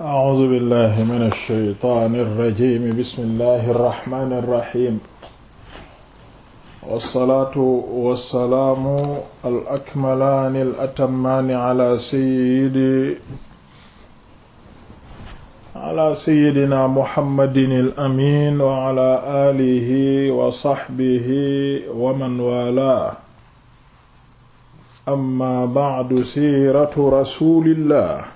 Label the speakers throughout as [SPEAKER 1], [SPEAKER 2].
[SPEAKER 1] أعوذ بالله من الشيطان الرجيم بسم الله الرحمن الرحيم والصلاة والسلام الأكملان الأتمان على سيد على سيدنا محمد الأمين وعلى آله وصحبه ومن والاه أما بعد سيرة رسول الله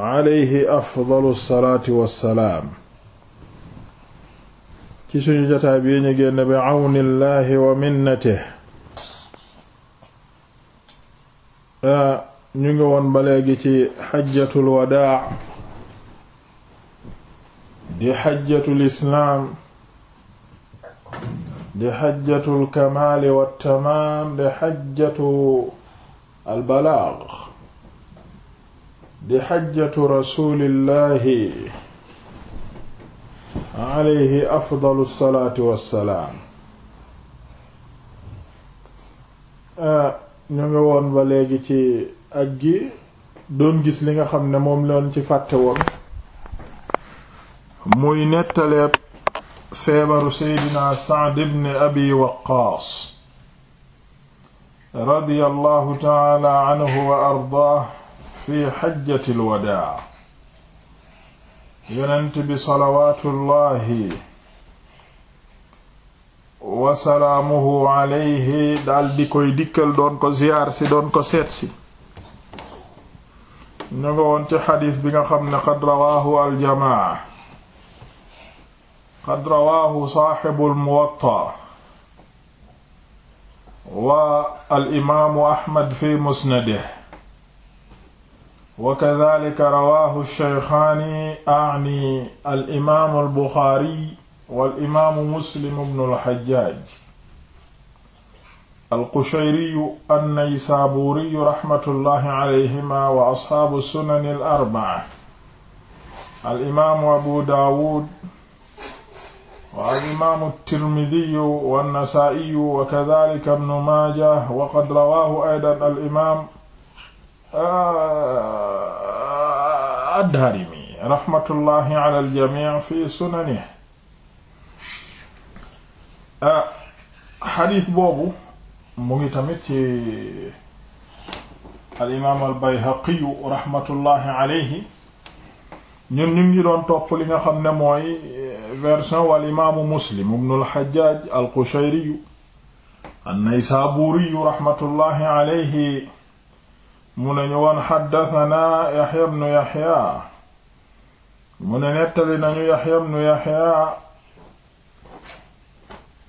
[SPEAKER 1] alayhi afdalu salaati wassalaam ci suñu jotaay bi ñu génn bi awnillahi wa minnatihi ñu ngi woon ba léegi ci xajjatul wadaa di xajjatul islaam di xajjatul kamaali wattamaam di xajjatu albalaag di xajjatu rasulillahi alayhi afdalu salaatu wassalaam ah, ñu ngi woon ba léegi ci aj gi doon gis li nga xam ne moom loon ci fàtte woon muy nettaleeb feebaru seydina Sa'd ibn abi waqaas radiyallahu taala anhu wa ardaah fi xajjati alwadaa yonent bi salawaatullahi wasalaamuhu alayhi dal di koy dikkal doon ko ziyaar si doon ko seet si ñu nga woon ci xadiis bi nga xam ne qad rawaahu aljamaa qad rawaahu saaxibu almuwatta wa alimaamu ahmad fi musnadihi wakadalika rawaahu shaykhaani ani al imaamu al buxaari wal imaamu muslim ibnul hajjaaj al qushayriyu an naysaabuuriyu rahmatullahi alayhima wa asxaabu sunani al arba'a al imaamu abu daawuud wa al imaamu tirmidiyu wa nasaa'iyu wakadalika ibnu maaja waqad rawaahu aydan al imaam Ah, ad-Daarimi raxmatullahi ala al-jamii fi sunanihi xadiis ah, boobu mu ngi tamit ci al-imaam al-Bayhaqi raxmatullahi alayhi ñun ñu ngi doon topp li nga xam ne mooy version wal imaamu Muslim ibnu al-Hajjaaj al-Qushayri an-Naysaabuuri raxmatullahi alayhi mu ne ñu wan xaddasanaa yaxya bnu yaxya mu ne nettali nañu yaxya bnu yaxya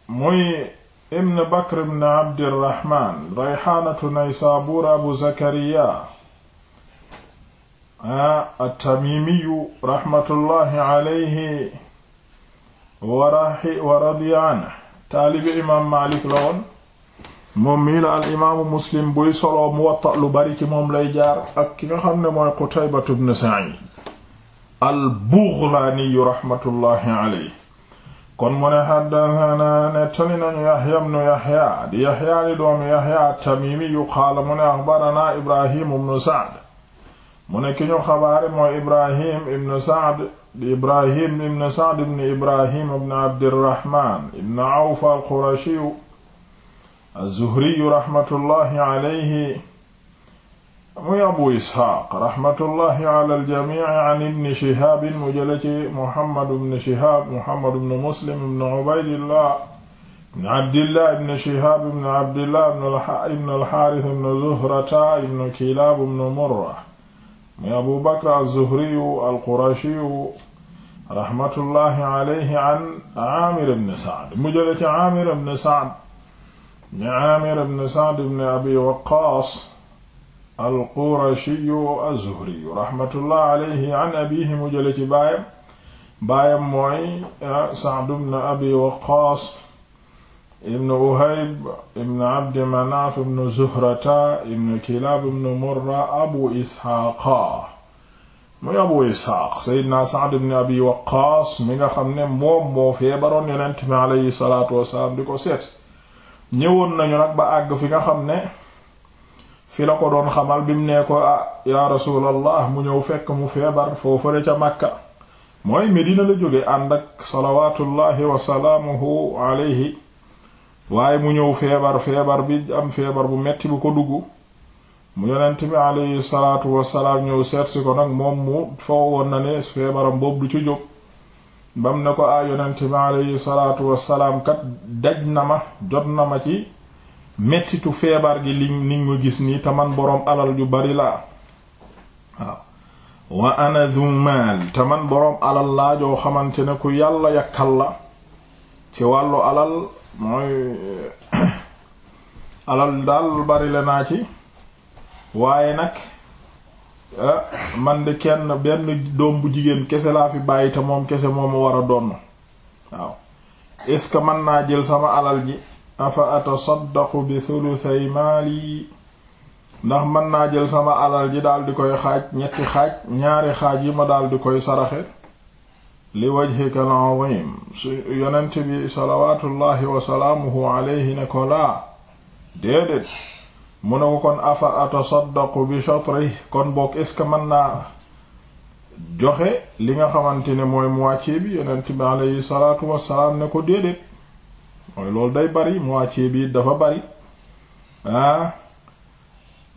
[SPEAKER 1] muy ibn bakr bn abdirahman rayxaanatu naysaabuur abu zakariya a ah, attamimiyu raxmatullahi alayhi wa radiya anhu taalibi imaam maalik la woon moom mii al imaamu muslim buy soloo muwatta lu bari ci moom lay jaar ak ki nga xam ne mooy qutaybatu ibn sa'id al bughlaaniyu raxmatullahi alayhi kon mu ne xaddathana nañu yaxya ibnu yaxya di yaxya di doomi yaxya tamimiyu qaala mu ne axbarana ibrahim ibnu sa'd mu ibrahim ibnu sa'd di ibrahim al qurashiyu azzuhriyu raxmatullahi alayhi muy abu isxaaq raxmatullahi ala aljamici an ibni shihaabin mu jële ci muhammadu bnu shihaab muhammadu bnu muslim bnu ubaydillah bnu abdillah ibni shihaab bnu abdillah ibnu alxaaris bnu zuhrata ibnu kilaab bnu murra muy abu bakr azzuhriyu alqurashiyu raxmatullahi alayhi an aamir bnu sacd mu jële ci aamir bnu sacd ni Aamir ibn Sa'd ibn Abi Waqqaas al-Qurashiyu az-Zuhriyu raxmatullah alayhi an abiihi mu jële ci baayam baayam mooy ah, Sa'd ibn Abi Waqqaas ibn Uhayb ibn Abdi Manaaf ibn Zuhrata ibn Kilaab ibn Murra Abu Isxaaqa muy Abu Isxaaq Seydina Sa'd ibn Abi Waqqaas mi nga xam ne moom moo feebaroon Yonent mi alayhi salaatu wa salaam di ko seet ñëwoon nañu nag ba àgg fi nga xam ne fi la ko doon xamal bi mu nee ko ah ya rasulallah mu ñëw fekk mu feebar foofale ca Makka mooy Medina la jóge ànd ak salawatullahi wasalaamuhu alayhi waaye mu ñëw feebar feebar bi am feebar bu metti bu ko dugg mu yonent bi alayhi salaatu wasalaam ñëw seetsi ko nag moom mu foo woon na ne feebaram boobu du ci jóg bam na ko a yonente bi aleyhi salaatu wassalaam kat daj na ma jot na ma ci mettitu feebar gi li ni nga gis nii te man boroom alal yu bari la waaw wa ana zu maal te man boroom alal laa joo xamante ne ku yàlla yakkal la ci wàllu alal mooy alal daal bari la naa ci waaye nag Ah, man de kenn benn doom bu jigéen kese laa fi bàyyi te moom kese mooma war a donn waaw est mën naa jël sama alal ji afa atasaddaqu bi thuluthay maali ndax mën naa jël sama alal ji daal di koy xaaj ñetti xaaj ñaari xaaj yi ma daal di koy saraxe li wajhika al-azim su ko laa déedéet mu ne ko kon afa atasaddaqu bi shatri kon boog est ce que mën naa joxe li nga xamante ne mooy moitié bi yonent bi aleyhi salaatu wassalaam ne ko déedéet mooy loolu day bari moitié bi dafa bari ah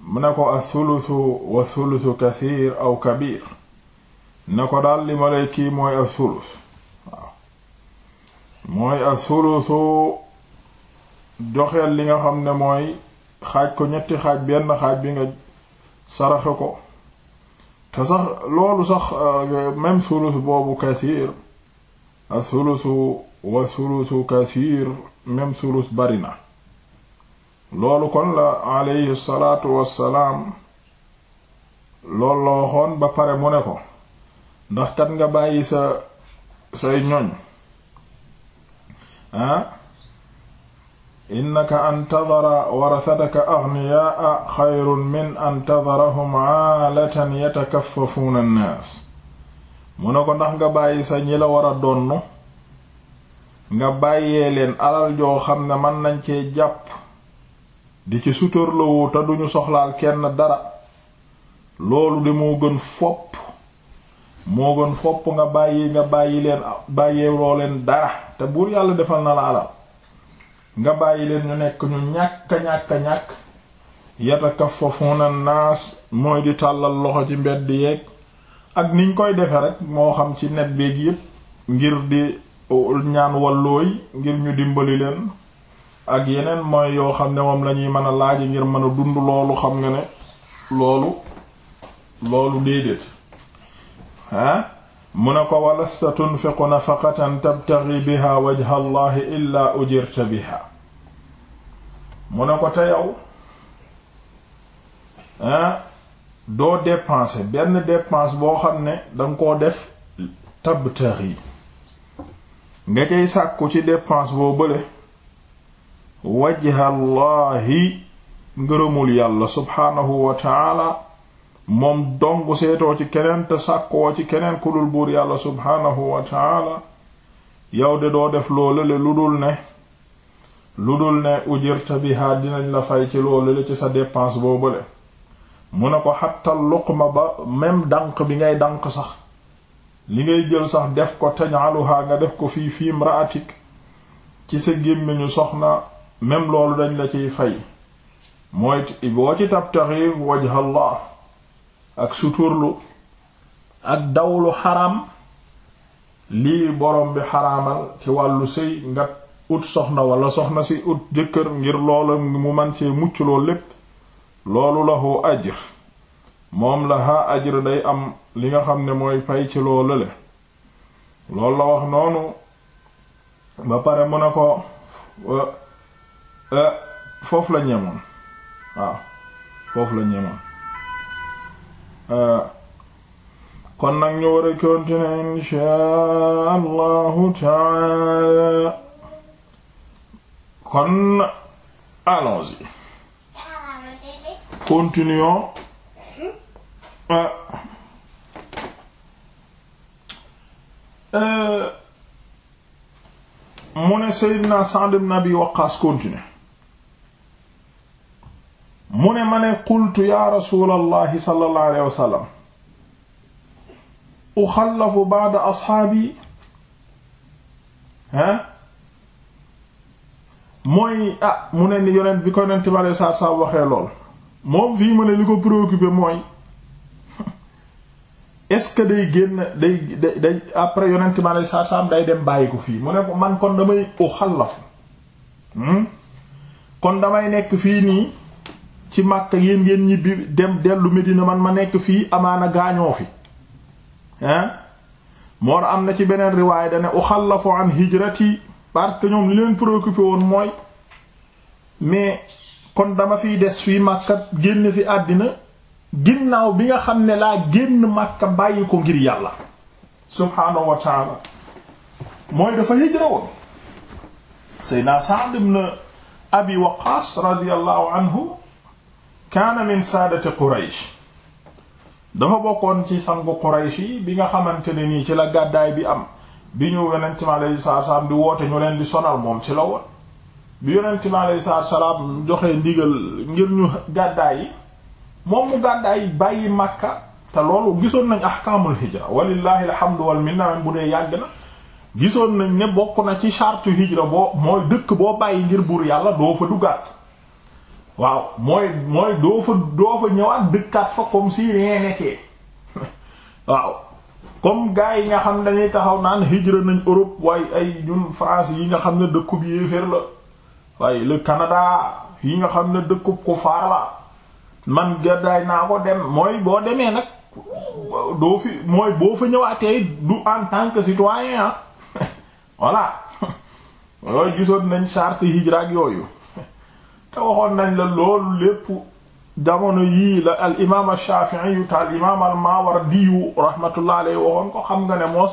[SPEAKER 1] mu ne ko athuluthu wa thuluthu kathir aw kabir ne ko daal li ma lay kii mooy athuluth waaw mooy athuluthu joxeel li nga xam ne mooy xaaj ko ñetti xaaj benn xaaj bi nga saraxe ko te sax loolu sax euh, même thuluth boobu kasiir a thuluthu wa thuluthu kasiir même thuluth bari na loolu kon la alayhi salaatu wassalaam loolu la waxoon ba pare mu ne ko ndax kat nga bàyyi sa say ñoñ ah innaka an tadara warasataka agniyaa xayrun min an tadarahum aalatan yatakaffafuuna nnaas mu ne ko ndax nga bàyyi sa ñila la war a donn nga bàyyee leen alal joo xam ne mën nañ cee jàpp di ci suturlawu te duñu soxlaal kenn dara loolu de moo gën fopp moo gën fopp nga bàyyi nga bàyyi leen bàyyeeloo leen dara te buur yàlla defal na la alal nga bàyyi leen ñu nekk ñu ñàkk ñàkk ñàkk yatakaffafuuna naas mooy di tàllal loxo ci mbedd yeeg ak niñ koy defe rek moo xam ci net beeg yépp ngir di uh, ñaan wallooy ngir ñu dimbali leen ak yeneen mooy yoo xam ne moom lañuy ñuy mën a laaj ngir mën a dund loolu xam nga ne loolu loolu déedéet ah mu ne ko walasta tunfiqu nafaqatan tabtaxi biha wajha allahi illa ujirta biha mu ne ko te yow ah doo dépenser benn dépense boo xam ne danga koo def tabtaxi nga cay sàkku ci dépense boo bële wajha allahi ngërëmul yàlla subhaanahu wa taala moom dong seetoo ci keneen te sàkkoo ci keneen ku dul buur yàlla subhaanahu wa taala yow de doo def loolale lu dul ne lu dul ne ujirta biha dinañ la fay ci loolale ci sa dépense boobale mu ne ko xattal luqma ba même dànq bi ngay dànq sax li ngay jël sax def ko taj'aluha nga def ko fii fiim raatik ci sa gémmiñu soxna même loolu dañ la ciy fay mooy boo ci tabtaxi wajhallah ak suturlu ak dawlu xaram lii borom bi xaraamal ci wàllu sëy nga ut soxna wala soxna si ut jëkkër ngir loola mu man cee mucc loolu lépp loolu lahu ajr moom laha ajr day am li nga xam ne mooy fay ci loolu le loolu la wax noonu ba pare mu ne ko eh, foofu la ñemoon waaw foofu la ñemoon Eh, kon nag ñu war a continuer inchaa taala kon allons-y continuons eh, eh, mu ne Seydina Sa'd ibn Abi Waqqas continuer mu ne ma ne qultu ya rasulallahi sallallahu alayhi wa sallam uxallafu ba'da asxaabi ah mooy a mu ne ni yonent bi ko yonent bi alei saatu salaam waxee lool moom fii mu ne li ko préoccupé mooy est-ce que day génn day day après yonent bi alei saatu salaam day dem bàyyi ko fii mu ne ko man kon damay uxallafu hmm? kon damay nekk fii nii ci Makka yéen ngeen ñibbi dem dellu Medina man ma nekk fii amaana gaañoo fi moo am na ci beneen riwaay da ne uxallafu an hijrati parce que ñoom li leen préoccupé woon mooy mais kon dama fi des fii Makka génn fi àddina ginnaaw bi nga xam ne laa génn Makka bàyyi ko ngir yàlla subhaanahu wa taala mooy dafa hijra woon Seydina Sa'd ibn Abi Waqqas radiyallahu anhu kaana min saadati Quraysh dafa bokkoon ci sangu Quraysh yi bi nga xamante ne nii ci la gàddaay bi am bi ñu yonent mi alayhi salaatu salaam di woote ñu leen di sonal moom ci la woon bi yonent mi alayhi salaatu salaam joxe ndigal ngir ñu gàddaay yi moom mu gàddaay bàyyi Makka te loolu gisoon nañ ahkaamul hijra walillahi alhamdu wal minna bu dee yàgg na gisoon nañ ne bokk na ci charte hijra boo mooy dëkk boo bàyyi ngir buur yàlla doo fa duggaat waaw mooy mooy doo fa doo fa ñëwaat dëkkaat fa comme si rien n'était waaw comme gars yi nga xam dañuy taxaw naan hijra nañ Europe waaye ay ñun France yi nga xam ne dëkkub yéeféer la waaye la Canada yi nga xam ne dëkkub ko faar la man gàddaay naa ko dem mooy boo demee nag doo fi mooy boo fa ñëwaatee du en tant que citoyen ah voilà yooyu gisoon nañ charte hijra ak yooyu te waxoon nañ la loolu lépp jamono yii la al imaam ash-Shafi'i yu te al imaam al-Mawardi yu rahmatullah alayhi waxoon ko xam nga ne moos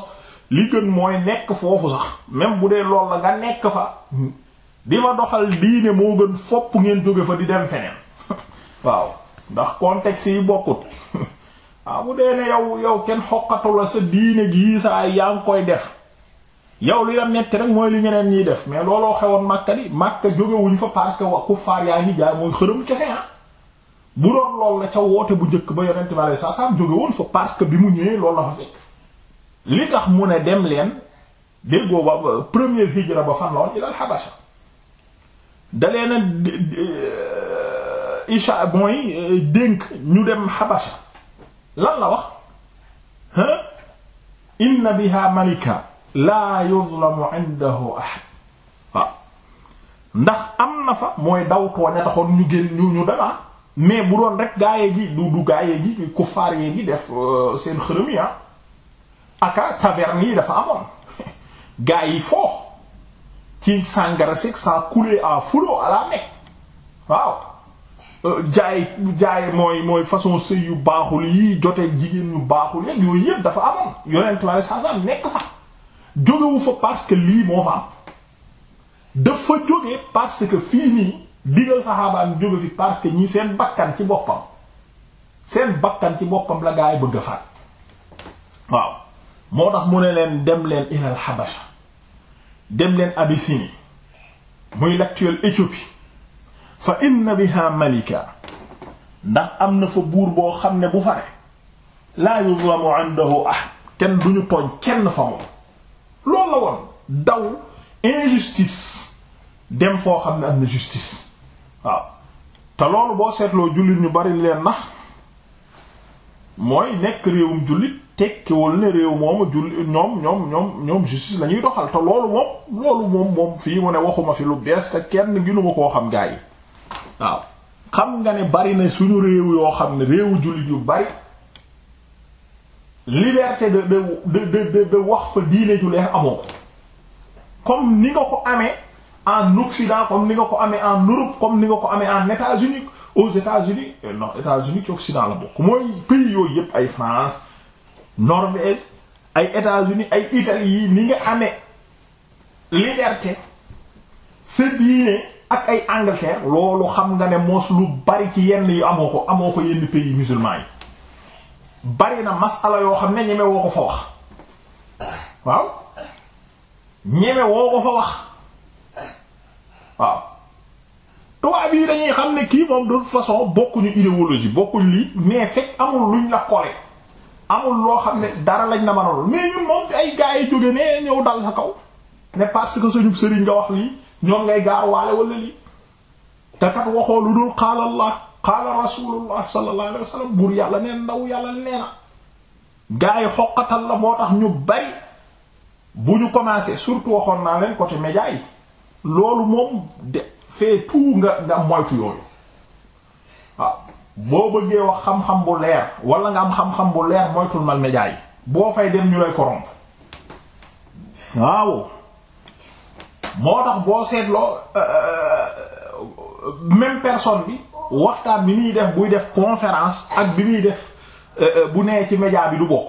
[SPEAKER 1] li gën mooy nekk foofu sax même bu dee lool la nga nekk fa di ma doxal diine moo gën fopp ngeen jóge fa di dem feneen waaw ndax contexte yi bokkut waaw bu dee ne yow yow kenn xoqatu la sa diine gii saa yaa ngi koy def yow li la metti rek mooy li ñeneen ñiy def mais looloo xewoon Makka di Makka jógewuñu fa parce que wa kuffaar yaa ngi jaay mooy xërëm kese ah bu doon lool la ca woote bu njëkk ba yonent bi alei sat parce que bi mu ñëwee loolu li tax mu ne dem leen déggoo ba première hijra ba fan la ilal Habasha da leena euh, isha mooy euh, dénk ñu dem Habasha lan la wax inna biha malika laa yuzlamu indahu ahad ndax am na fa mooy daw tooña taxoon ñu génn ñu ñu dara ah. mais bu doon rek gaayee gi du du yi gi kuffaar yee gi def euh, seen xërëm yi ah. aka taverne yi dafa amoon gaay yi foo ci sàngara sek ça coulait à flot à la waaw euh, jaay jaay mooy mooy façon sëy yu baaxul yi jote jigéen yu baaxul yeeg yooyu yëpp dafa amoon yonent la saa saa nekk fa jógewu fa parce que lii moo fa am dafa jóge parce que fii nii digal saxaabaam jóge fi parce ñii seen bakkan ci boppam seen bakkan ci boppam la gaa yi bëgg faat waaw moo tax mu ne leen dem leen ilal Habasha dem leen Abyssinie muy l'actuelle Éthiopie fa inna biha malika ndax am na fa buur boo xam ne bu fare laa yuzlamu indahu ahad kenn duñu tooñ kenn fa moom loolu la woon daw injustice dem foo xam ne am na justice waaw te loolu boo seetloo jullit ñu bari leen na mooy nekk réewum jullit tekkiwul ne réew moomu jullit ñoom ñoom ñoom ñoom justice la ñuy doxal te loolu moom loolu moom moom fii mu ne waxuma fi lu bees te kenn ginuma koo xam gaa yi waaw xam nga ne bari na suñu réew yoo xam ne réewu jullit yu bari liberté de de de de de wax fa diine ju leer amoo ko comme ni nga ko amee en Occident comme ni nga ko amee en Europe comme ni nga ko amee en États-Unis aux États-Unis non États-Unis ci Occident la bokk mooy pays yooyu yëpp ay France Norvège ay États-Unis ay Italie yi ni nga amee liberté sa diine ak ay Angleterre loolu xam nga ne moos lu bari ci yenn yi amoo ko amoo ko yenn pays musulmans yi. bari na masala yoo xam ne ñeme woo ko fa wax waaw ñeme woo ko fa wax waaw tubaab yi dañuy xam ne kii moom de façon bokkuñu idéologie bokkuñ lii mais fekk amul luñ la kole amul loo xam ne dara lañ na mën a lool mais ñun moom ay gaa yi jóge ne ñëw dal sa kaw ne parce que suñu sëriñ nga wax lii ñoom ngay gaar waale wala lii te kat waxoo lu dul xaalallah qaala rasulullah sallallahu alayhi buur yàlla neen ndaw yàlla nee na gaa yi xoqatal la moo tax ñu bari bu ñu commencé surtout waxoon naa leen côté média yi loolu moom de fait tout nga nga moytu yooyu boo bëggee wax xam-xam bu leer wala nga am xam-xam bu leer moytul mal média yi boo fay dem ñu lay corrompre waaw moo tax boo seetloo euh, euh, même personne bi waxtaan bi muy def buy def conférence ak bi muy def euh, euh, bu nee ci média bi du bokk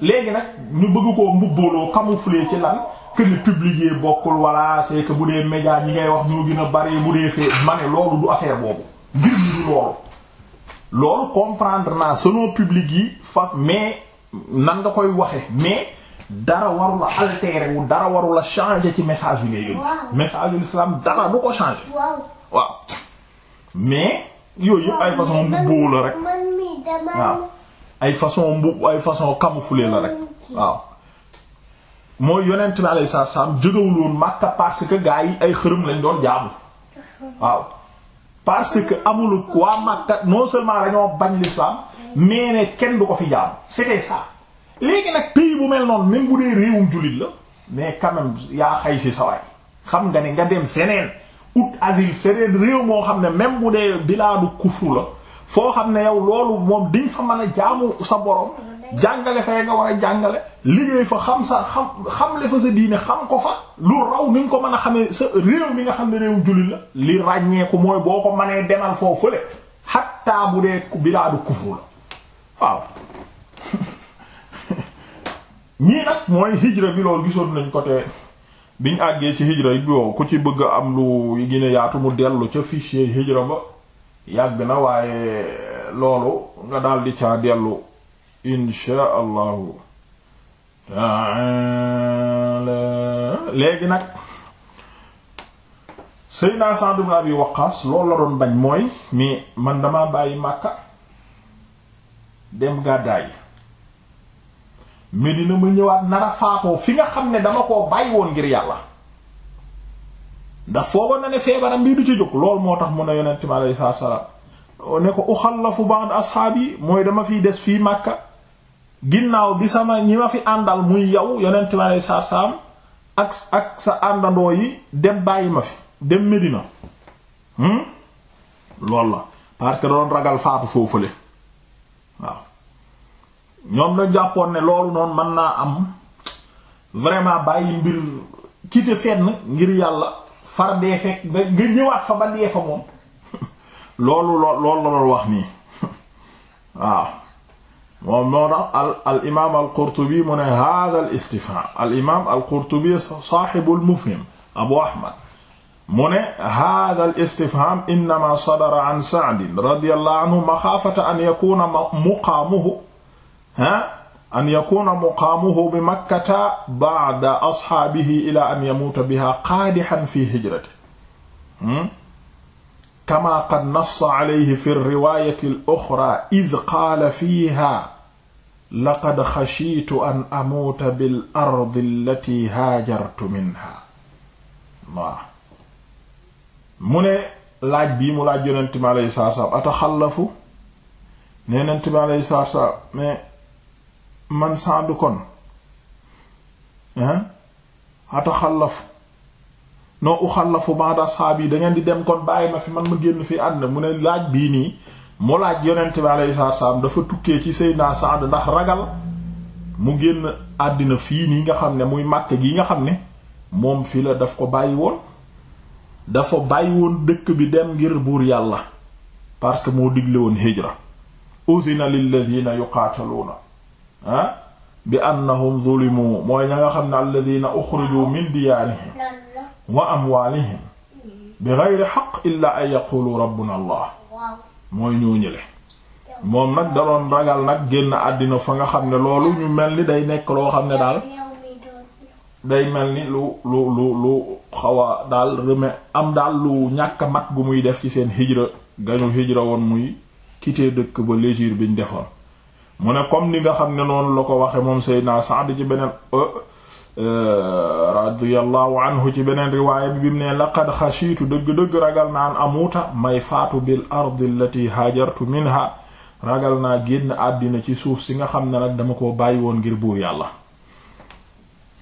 [SPEAKER 1] léegi nag ñu bëgg koo mbubbooloo camoufler ci lan kër ni publier bokkul walla c'est que bu dee média ñi ngay wax ñoo gën a bari bu dee fee ma loolu du affaire boobu ngir ñu du loolu loolu comprendre naa selon public yi fas mais nan nga koy waxe mais dara warula altérer wu dara warula changer ci message bi ngay yónni message ul islam du ko changer waaw mais yooyu yëpp ay façon mbubboo la ay façon mbubb ay façon camouflé la rek waaw mooy yonent bi alayhi salaatu salaam Makka parce que gaa yi ay xërëm lañ doon jaamu waaw parce que amul waa Makka non seulement dañoo bañ l'islam mais ne kenn du ko fi jaamu c'était ça léegi nag pays bu mel noonu même bu dee réewum jullit la mais quand même yaa xay si sawaay xam nga ne nga dem feneen ut asile sereen réew moo xam ne même bu dee bilaadu kufru la foo xam ne yow loolu moom diñ fa mën a jaamu sa borom jàngale fay nga war a jàngale liggéey fa xam sa xam le fa sa diine xam ko fa lu raw ni ko mën a xamee sa réew nga xam ne réew julli ràññeeku mooy boo ko mënee demal foo fële xattaa bu dee bilaadu kufru la waaw ñii nag mooy hijra bi gisoon nañ côté biñ àggee ci hijra yi ku ci bëgg am lu gën a yaatu mu dellu ca fichier hijra ba yàgg na waaye loolu nga daldi caa dellu insha allahu léegi nag Seydina Sa'd ibn Abi Waqqas loolu la doon bañ mooy mais man damaa bàyyi Makka dem gàddaay Medina ma ñëwaat nara faatoo fi nga xam ne dama koo bàyyi woon ngir yàlla ndax foogoon na ne feebaram bii du ci jóg lool moo tax mun a yonent mi alayhi salaatu salaam ne ko uxallafu ba'd asxaabi mooy dama fiy des fii Makka ginnaaw bi sama ñi ma fi àndal muy yow yonent mi alayhi salaatu salaam ak ak sa àndandoo yi dem bàyyi ma fi dem Medina hmm? lool la parce que doon ragal faatu foofule. ñoom dañ jàppoon ne loolu noon mën naa am vraiment bàyyi mbir kite fenn ngir yàlla far dee fekk nga ñëwaat fa ba dee fa moom loolu loo loolu la wax ni waaw moom moo tax al al imaam al qurtubi mu ne al istifham al imaam al qurtubi saaxibul mufhim abu ahmad mu ne al istifham innama sadara an sa'd radiyallahu anhu maxaafata an yakuna muqaamuhu an yakuna muqaamuhu bi makkata ba'da asxaabihi ila an yamuuta biha qaadixan fi hijrati hmm? kama qad nassa alayhi fi riwaayati al-uxraa id qaala fiiha laqad xashiitu an amuuta bil ardi allati haajartu minha waaw mu ne laaj bii mu laaj yonent mi alayhi salaatu wa salaam ataxallafu ne yonent mi alayhi salaatu wa salaam man Saadu kon ah ataxallafu noo uxallafu ba'da ashaabi da ngeen di dem kon bàyyi na fi man ma génn fii àddina mu ne laaj bii nii mu laaj yonent bi alayhi salaam dafa tukkee ci Seydina Saad ndax ragal mu génn àddina fii nii nga xam ne muy màkk gii nga xam ne moom fii la daf ko bàyyi woon dafa bàyyi woon dëkk bi dem ngir buur yàlla parce que moo digle woon hijra udhina lilladhina yuqaataluuna Ah, bi annahum zulimu mooy ña nga xam ne alladina uxriju min diyaarihim wa amwaalihim bi geyri xaq illa an yaqulu rabbuna allah mooy ñoo ñële moom nag da doon ragal nag génn àddina fa nga xam ne loolu ñu mel ni day nekk loo xam ne daal day mel ni lu lu lu lu xaw a daal reme am daal lu ñàkk mag mat gu muy def ci seen hijra gañu hijra woon muy kiite dëkk ba légir biñ defoon mu ne comme ni nga xam ne noonu la ko waxe moom Seydina Sa'd ci beneen euh, euh, radiyallahu anhu ci beneen riwaaya bi bi mu ne laqad xashiitu dëgg-dëgg ragal naa an amuuta may faatu bil ardi allati haajartu minha ragal naa génn àddina ci suuf si nga xam ne nag dama ko bàyyi woon ngir buur yàlla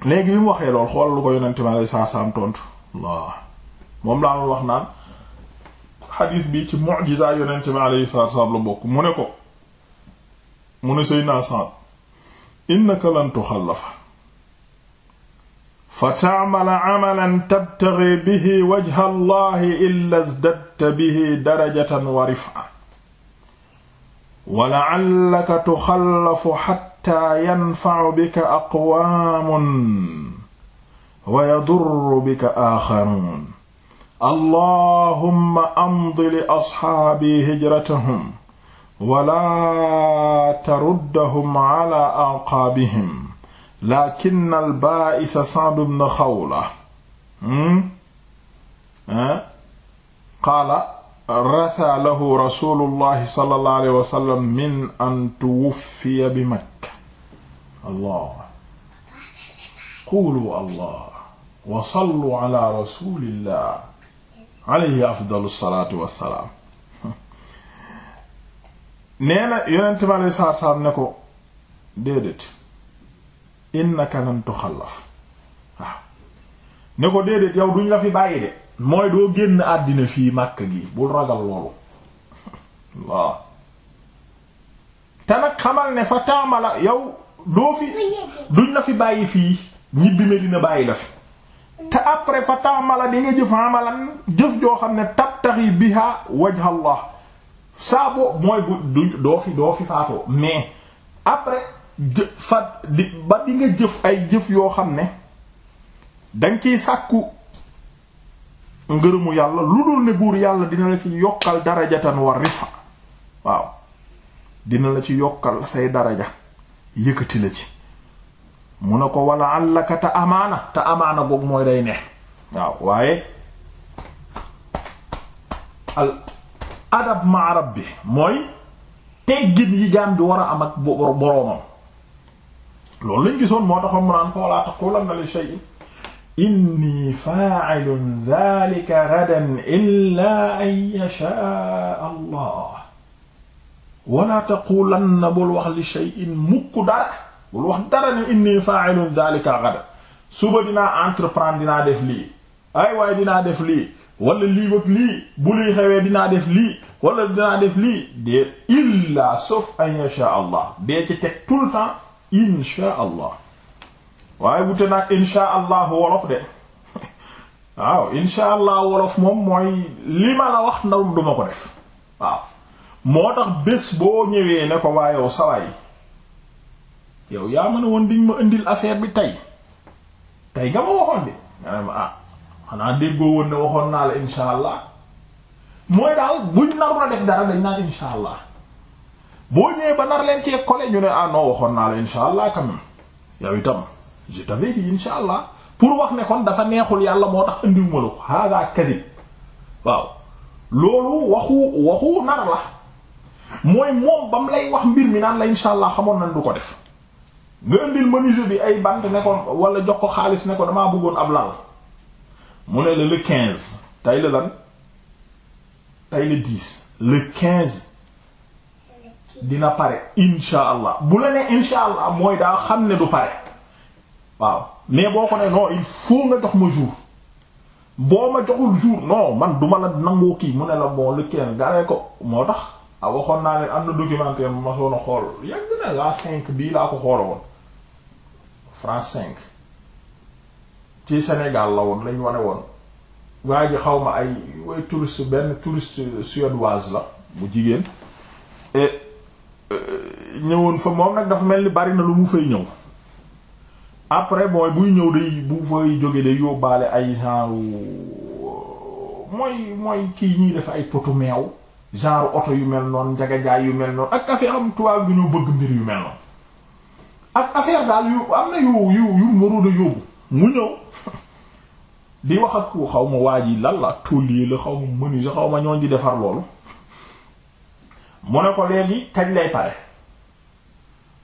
[SPEAKER 1] léegi bi mu waxee lool xool lu ko yonente mi alei saa salaam tontu waaw moom laa wax naan xadiis bi ci mu'jiza yonente mi alei salaam la bokk mu ne ko mu ne Seydina Sa'd innaka lan tuxallafa fa ta'mala 'amalan tabtaghi bihi wajha Allahi illa izdadta bihi darajatan wa rif'a wa la'allaka tuxallafu hatta yanfa'u bika aqwaamun wa yadurru bika aakharuun allahumma amdi li ashaabi hijratahum wala taruddahum ala aqaabihim lakin al baa'isa Sa'd ibn Khawla qaala ratha lahu rasulullahi sallallahu alayhi wa sallam min an tuwuffiya bi Makka allah qulu allah wa sallu ala rasulillah alayhi afdalu salaatu wassalaam nee na yonent bi alei saatu ne ko déedéet innaka lan tuxallaf waaw ne ko déedéet yow duñ la fi bàyyi de mooy doo génn àddina fii màkk gi bul ragal loolu waaw te nag xamal ne fa taamala yow doo fi duñ la fi bàyyi fii ñibbi Medina bàyyi la fi te après fa taamala di jëf amalan jëf joo xam ne tabtaxi biha wajha Allah saa boo mooy doo fi doo fi faatoo mais après jë fa ba di nga jëf ay jëf yoo xam ne danga ciy sàkku ngërëmu yàlla lu dul ne buur yàlla dina la ci yokkal darajatan wa rifa waaw dina la ci yokkal say daraja yëkkati la ci mu ne ko wala àllaka te amaana te amaana goog mooy day ne waaw waaye adab ma rabbi mooy teggin yi jaam bi war a am ak boroomam loolu lañ gisoon moo taxoon mu naan ko wala taqulanna li shay'in inni fa'ilun dhalika ghadan illa an yasha allah wala taqulanna bul wax li shay'in mukk dara bul wax dara ne inni fa'ilun dhalika ghadan suba dinaa entreprendre dinaa def lii ay waaye dinaa def lii wala lii wëg lii bu lii xewee dinaa def lii wala dinaa def lii dee illa sauf an yasha allah dee ci teg tout le temps insha allah waaye wute nag insha allah wolof de waaw insha allah wolof moom mooy li ma la wax ndaw duma ko def waaw moo tax bés boo ñëwee ne ko waayow sawaay yow yaa mën a woon diñ ma indil affaire bi tey tey nga ma waxoon de nga ne ma ah xanaa déggoo woon ne waxoon naa la insha mooy daal buñ naru la def daal dañ naan insha boo ñëwee ba nar leen cee collé ñu ne ah non waxoon naa la insha allah quand même itam je t'avais dit insha pour wax nekkoon dafa neexul yàlla moo tax indiwuma la ko hada kadib waaw loolu waxu waxu nar la mooy moom ba mu lay wax mbir mi naan la insha allah xamoon nañ du ko def nga indil menuisier bi ay bant ne ko wala jox ko xaalis ne ko damaa bëggoon ab lal mu ne la le quinze tey lan tey la le quinze dina pare insha allah bu la ne insha allah mooy daa xam ne du pare waaw mais boo ko ne non il faut nga jox ma jour boo ma joxul jour non man duma la nangoo kii mu ne la bon le quinze gaa ko moo tax a ah, waxoon naa ne am na documentaire ma soon a xool yàgg na la cinq bii laa ko xoola woon France cinq ci senegal la woon lañ wane woon waa ji xaw ma ay way touriste benn touriste suédoise la bu jigéen euh, ñëwoon fa moom nag dafa mel ni bari na lu mu fay ñëw après mooy buy ñëw day bu fay jóge day yóbbaale ay genre euh, mooy mooy kii ñuy def ay potu meew genre oto yu mel noonu njagajaay yu mel noonu ak affaire am tubaab bi ñu bëgg mbir yu mel noonu ak affaire daal yu am na yu yu yu yóbbu mu ñëw di wax ak ku xaw ma waa yi lan la tôlier la xaw ma menuisier xaw ma ñooñ di defar loolu mu ne ko léegi kañ lay pare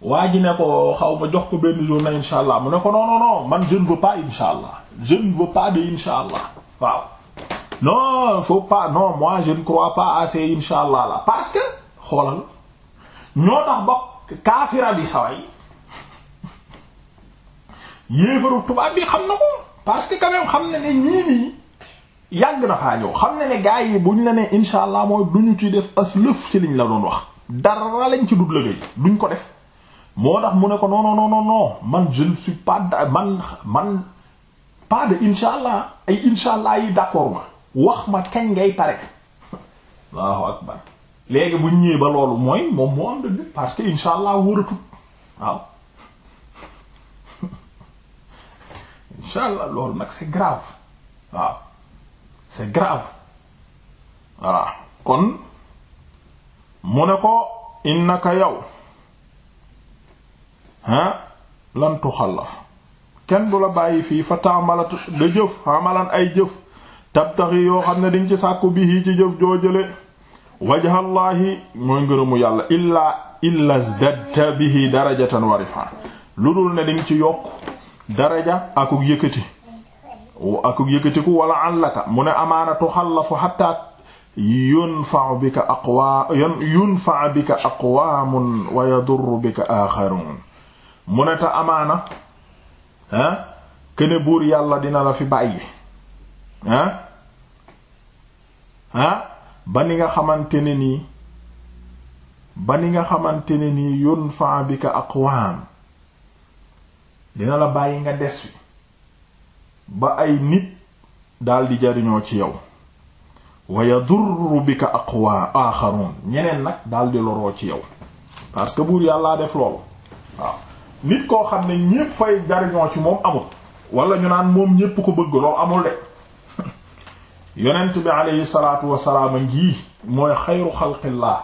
[SPEAKER 1] waa ne ko xaw ma jox ko benn jour insha allah mu ne ko non non man je ne veux pas insha allah je ne pas de insha allah waaw non il pas non moi je ne crois pas assez insha allah là parce que xoolal ñoo tax ba kaafira bi saway yéefaru tubaab bi xam na ko parce que quand même xam na ne ñii nii yàgg na faa ñëw xam na ne gars yi buñ la ne insha allah mooy duñu ci def as lëf ci liñ la doon wax dara lañ ci dut lëgëy duñ ko def moo tax mu ne ko non non non non man je ne suis pas man man pas de insha allah ay insha allah yi d'accord ma wax ma kañ ngay pare Allahu akbar léegi buñ ñëwee ba loolu mooy moom moo am dëgg parce que insha allah wóoratut waaw incha allah loolu nag c'est grave waaw c'est grave voilà kon mu ne ko innaka yow ah lan tuxallaf kenn du la bàyyi fii fa tàmbalat nga jëf amalan ay jëf tabtaxi yoo xam ne diñ ci sàkku bihi ci jëf joo jële wajhallaahi mooy ngërëmu yàlla illaa illa bi bihi darajatan wa rifaa lu dul ne diñ ci yokk daraja akuk yëkkati akuk yëkkatiku wala àllaka mu ne amaana tuxallafu xatta yunfa'u bika aqwa yunfa'u bika aqwaamun wa yadurru bika aaxarun mu ne te amaana ah kene buur yàlla dina la fi bàyyi ah ah ba ni nga xamante ne nii ni nga xamante ne nii bika aqwaam dina la bàyyi nga des fi ba ay nit daldi jariñoo ci yow wa yadurru bika aqwa axarun ñeneen nag daldi loroo ci yow parce que buur yàllaa def loolu waaw nit koo xam ne ñéppay jariñoo ci moom amul wala ñu naan moom ñépp ko bëgg loolu amul de yonent bi aleyhi salaatu wasalaam mooy xayru xalqillah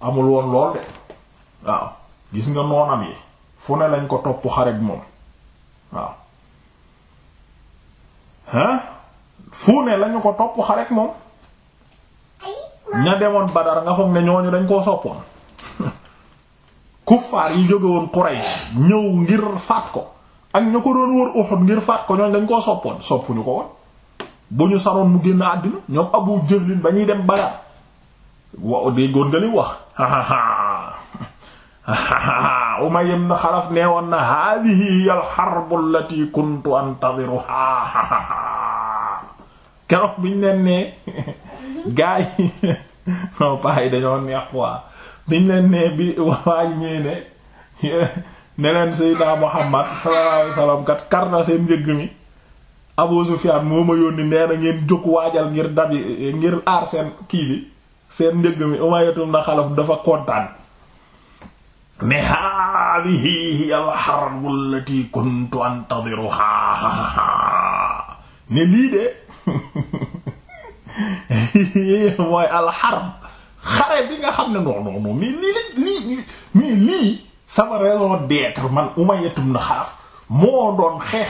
[SPEAKER 1] amul woon lool de waaw gis nga noonam yi fu ne lañ ko topp xarek moom waaw ah fu ne lañu ko topp xarek moom ña demoon Badar nga foog ne ñooñu dañ koo soppoon kuffaar yi jóge woon ñëw ngir faat ko ak ñu ko doon wër Uhud ngir faat ko ñooñu dañ koo soppoon soppuñu ko woon bu ñu sanoon mu génn àddina ñoom Abu Jahl ba ñuy dem Badar wa déggoon nga li wax Umayya ibn Xalaf nee woon na haadihi hiya al-harbu allati kuntu antadiruha keroog biñ leen nee gaa yi non pas yi dañoo neex quoi biñ leen nee bi waa ñëwee ne ne Muhammad sallallahu alayhi kar na seen njëgg mi. Abu Sufyan moo ma yónni nee na ngeen jóg waajal ngir dabi ngir aar seen kii bi seen njëgg mi Umayya ibn Xalaf dafa kontaan. ne haadihi hiya al-harbu allati kuntu antadiruha ne lii de mooy alxarb xare bi nga xam ne non non non mais lii lii mais lii sama raison d'être man doon xeex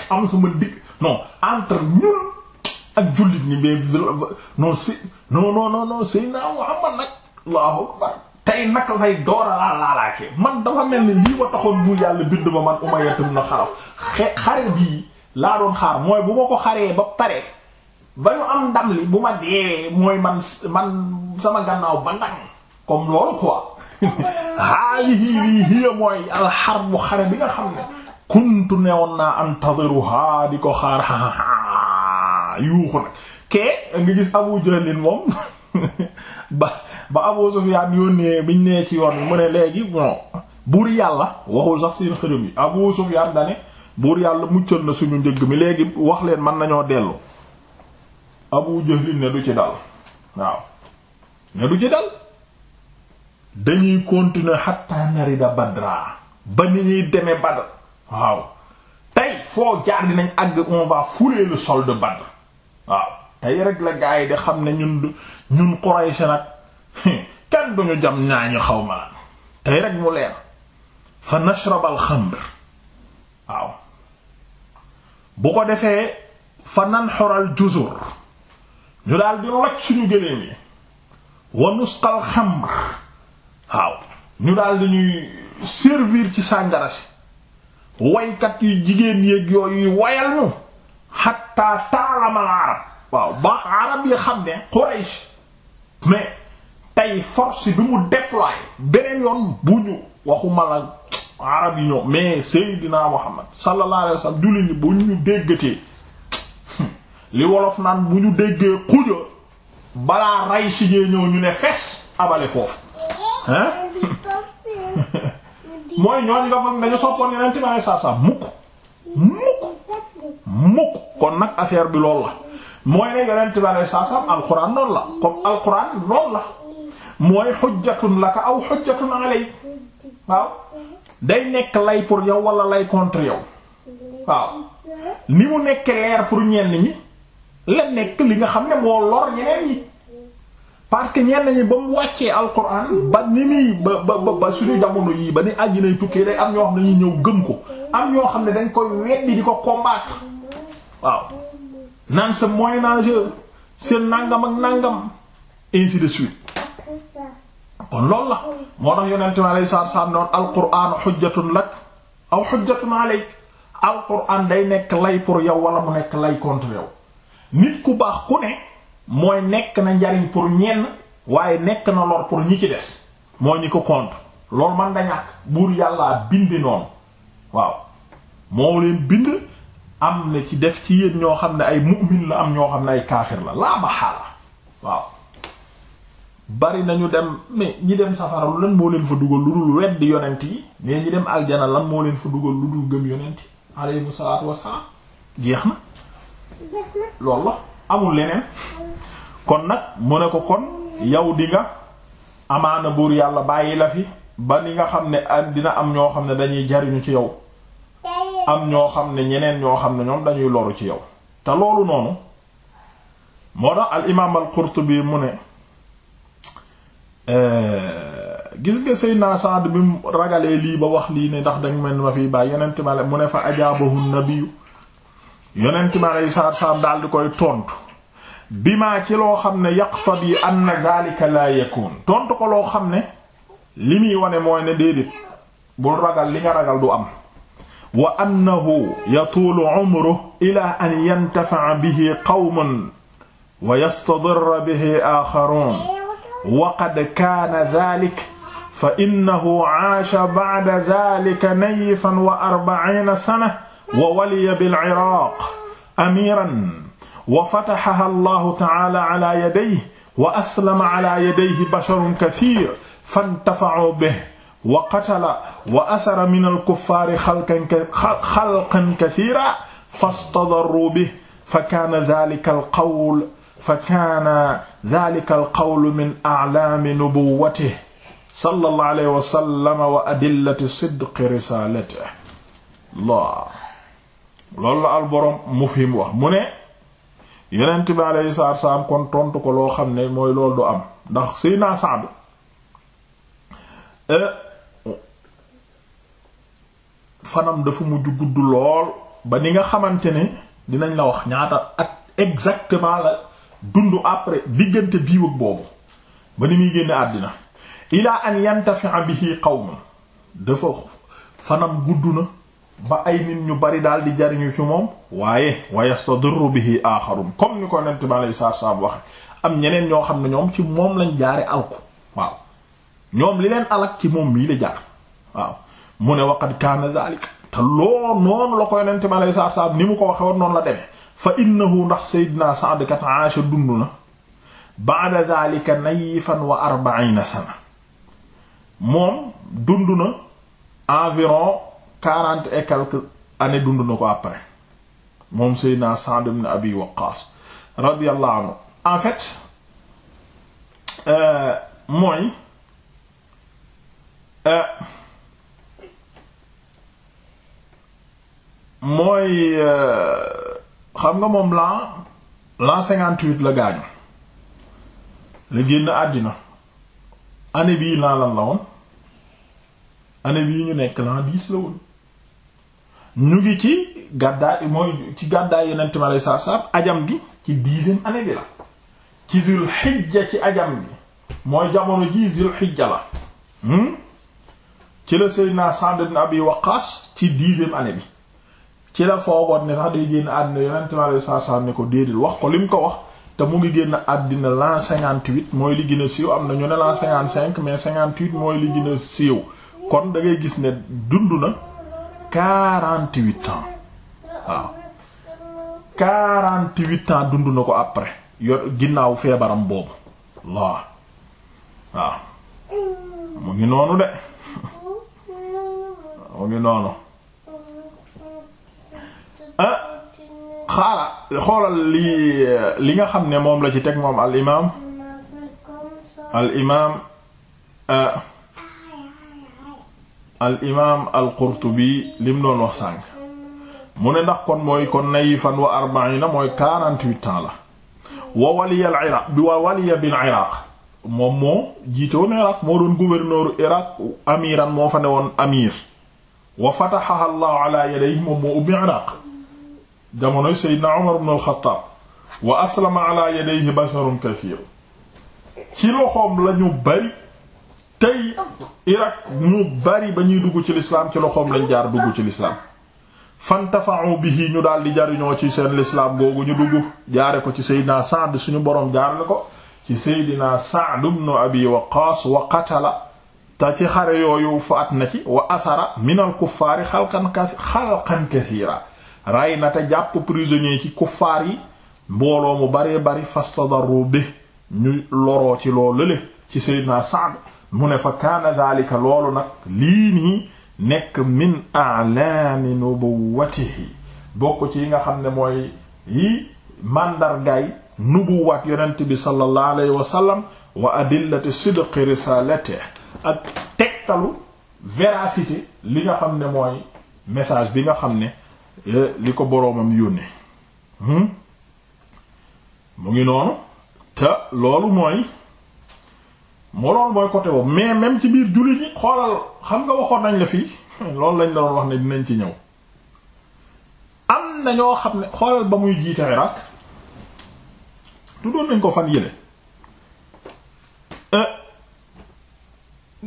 [SPEAKER 1] am tey naka lay doora laa laalaakee man dafa mel ni lii ma taxoon bu yàlla bind ma man Umayya ibn Xalaf xare bii laa doon xaar mooy bu ma ko xaree ba pare ba ñu am ndam bu ma deewee mooy man sama gannaaw ba ndam comme loolu quoi haalihi lii hiya mooy alxarbu xare bi nga xam ne kuntu newoon naa antadiruha di ko xaar yuuxu nag kee nga gis Abu Jahlin moom ba Abu Sufyaan yónnee biñ nee ci yoon bi mu ne léegi bon buur yàlla waxul sax seen xërëm yi Abu Sufyaan dane buur yàlla muccal na suñu njëgg mi léegi wax leen man nañoo dellu Abu Jahl ne du ci dal waaw ne du ci dal dañuy continuer hatta narida Badra ba ni ñuy demee Badr waaw tey foo jaar dinañ àgg on va fouler sol de Badr waaw tey rek la gars yi di xam ne ñun ñun Quraysh nag kenn duñu jam ñaañu xaw ma la tey rek mu leer fa nashrab al xamr bu ko defee fa nanxur al juzur ñu daal di roj suñu gëléem yi wa nusqal xamr waaw ñu daal di ñuy servir ci sàngara si waykat yu jigéen yéeg yooyu wayal ñu xatta taalamal arab waaw arab yi xam ne Quraysh mais tey force bi mu déployer beneen yoon bu ñu waxuma la arab yi ñoom mais Seydina Muhammad sallallahu alayhi wasallam julli bu ñu déggatee li wolof naan bu ñu déggee xuja balaa ray sigee ñëw ñu ne fes abale foofu hein mooy ñooñ mukk mukk kon nag affaire bi lool la mooy ne yeneen tibaare saab saab alxuraan noonu la comme alxuraan lool la mooy xujjatun laka aw xujjatun alay waaw day nekk lay pour yow wala lay contre yow waaw ni mu nekk leer pour ñenn ñi la nekk li nga xam ne moo lor ñeneen ñi parce que ñenn ñi ba mu wàccee alquran ba ni muy ba ba ba suñu jamono yii ba ni àjjinay tukkee day am ñoo xam ne dañuy ñëw gëm ko am ñoo xam ne dañ koy weddi di ko combattre waaw naan sa moyen âge seen nangam ak nangam ainsi de suite kon loolu la moo tax yonente mi alayhi salaatu salaam ne woon alquraan xujjatun lak aw xujjatun alayk day nekk lay pour yow wala mu nekk lay contre yow nit ku baax ku ne mooy nekk na njariñ pour ñenn waaye nekk na lor pour ñi ci des moo ñi ko contre loolu man da buur yàllaa bindi noonu waaw moo leen bind am na ci def ci yéen ñoo xam ne ay mu'min la am ñoo xam ne ay kaafir la laa ba xaala waaw bari nañu dem mais ñi dem safara lan moo leen fa dugal lu dul weddi yonent yi mais ñi dem aljana lan moo leen fa dugal lu dul gëm yonent yi aleyhum salaatu wassalaam jeex na loolu la amul leneen kon nag mu ne ko kon yow di nga amaana buur yàlla bàyyi la fi ba ni nga xam ne dina am ñoo xam ne dañuy jariñu ci yow am ñoo xam ne ñeneen ñoo xam ne ñoom dañuy loru ci yow te loolu noonu moo tax al imaam al Qurtubi mu ne Eh, gis nga naa Saad bi mu ragalee lii ba wax lii ne ndax dañ mel ma fiy bàyyi yonent ma mu ne fa ajaabahu nabiyu yonent ma lay saad saad daal di koy tontu bima ci loo xam ne yaqtadi anna zalika la yakun tontu ko loo xam ne li muy wane mooy ne déedéet bul ragal li nga ragal du am wa annahu yatuulu umruhu ila an yantafa'a bihi qawmun wa yastadirra bihi axarun waqad kaana dhalik fa innahu aasha ba'da dhalika nayfan wa arba'iina sana wa waliya bil-Iraaq amiiran wa fatahaha Allahu ta'aala ala yadayhi wa aslama ala yadayhi basharun kathiir fantafa'uu bihi wa qatala wa asara mina al-kuffaari xalqan kathiiran fastadarruu bihi fa kaana dhaalika al-qawl fa kaana dhalika alqawlu min a'laami nubuwwatihi sallallahu alayhi wa wa adillati sidqi risaalatihi Allah loolu la alborom mufhim wax mu ne yonent bi alayhi salaam kon tontu ko loo xam ne mooy loolu du am ndax Seydina Sa'd eh, fanam dafa mujj gudd lool ba ni nga xamante ne dinañ la wax ñaata at exactement dund après diggante bii boobu ba ni muy génne àddina ilaa an yantafi'a bihi qawma dafa fanam gudd na ba ay nit ñu bari daal di jariñu ci moom waaye wa yastadirru bihi aaxarun comme ni ko nent bi alei saatu salaam waxe am ñeneen ñoo xam ne ñoom ci moom lañ jaare alku waaw ñoom li leen alak ci moom mii la jaar waaw mu ne waqad kaana daalika te loo noonu la ko yonente bi alei ni mu ko waxe woon noonu la demee fa innahu ndax seydina Sa'd kat aasha dund na ba'da dhalika nayifan wa arba'ina sana moom dund na environ quarante et quelques années dund na ko après moom seydina Sa'd ibn Abi Waqqas radiyallahu anhu en fait euh, mooy euh, mooy euh, xam nga moom la la cinquante-huit la gaañu la génn àddina année bii l'an lan la woon année yi ngi nekk l'an dix la woon ñu ngi ci gàddaay mooy ci gàddaay yonent mi aleyhi salaatu salaam ajam gi ci dixième année bi la ci zul xijja ci ajam gi mooy jamono ji zul xijja la hmm? ci la Seydina Sa'd ibn Abi Waqqas ci dixième année bi ci la foogoon ne sax day génn àddina yonent mi alayhi salaatu salaam ko déedéet wax ko lim ko wax te mu ngi génn àddina l'an 58 mooy li gën am na ñu ne l'an mais 58 mooy li gën a siiw kon dangay gis ne dund na 48 ans waaw 48 ans dund na ko après yor ginnaaw feebaram boobu waaw waaw mu ngi noonu de mu ngi noonu. ah xaara xoolal li nga xam ne moom la ci teg moom al imaam al imaam ah, al imaam lim doon wax sànq mu ne ndax kon mooy kon nayifan wa la wa waliya al iraq moom moo jiitoon iraq moo doon gouverneur iraq amiran moo fa ne woon amir wa fatahaha allah ala yadayhi moom moo ubbi iraq jamonoy Seydina Umar ibn al-Khattab wa aslama ala yadayhi basharun kathir ci loxoom la bari tey Irak ñu bari ba ñuy dugg ci lislaam ci loxoom lañ jaar dugg ci lislaam fantafa'u bihi ñu daal di jariñoo ci seen lislaam googu ñu dugg jaare ko ci Seydina Sa'd suñu boroom jaarale ko ci Seydina Sa'd ibn Abi wa qatala te ci xare yooyu faat na ci wa asara min al kuffaari xalqan xalqan ray na te jàpp prisonnier ci kuffaar yi mbooloo mu baree bari fastadarru bi ñu loroo ci loo lële ci Seydina Sa'd mu ne fa kaana daalika loolu nag lii nii nekk min a'laami nubuwwatihi bokk ci yi nga xam ne mooy yi màndargaay nubuwaat yonent bi sallallahu alayhi wa sallam wa adillati sidqi risalatihi ak tegtalu véracité li nga xam ne mooy message bi nga xam ne Eh, li ko boroomam yónnee hmm? mu ngi noonu te loolu mooy moo doon mooy côté boobu mais même ci biir jullit yi xoolal xam nga waxoon nañ la fii loolu lañ la doon wax ne dinañ ci ñëw am na xam ne xoolal ba muy jiite Irak tuddoon nañ ko fan yële eh,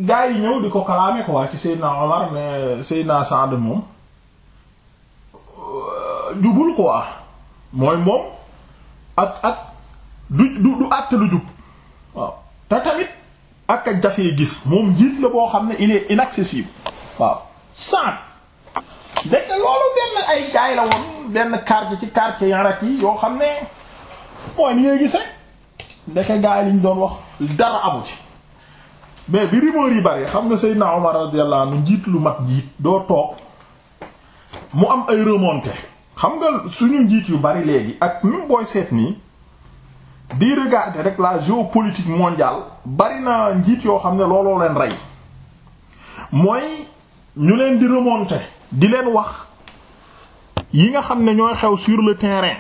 [SPEAKER 1] gaa yi ñëw di ko kalaame ko waa ci Seydina Omar mais Seydina Saad moom jubul quoi mooy moom ak ak du du àtt lu jub waaw te tamit ak a jafee gis moom njiit la boo xam ne il est inaccessible waaw sànq nekk loolu benn ay gaay la woon benn quartier ci quartier yarak yi yoo xam ne mooy ni ngay gise ndeke gaay liñ doon wax dara amu ci mais bi rumeur yi bari xam nga Seydina Omar radiyallahu anhu njiit lu mat njiit doo toog mu am ay remontée xam nga suñu njiit yu bari léegi ak même booy seet nii di regarder rek la géopolitique mondiale bari na njiit yoo xam ne looloo leen rey mooy ñu leen di remonter di leen wax yi nga xam ne ñooy xew sur le terrain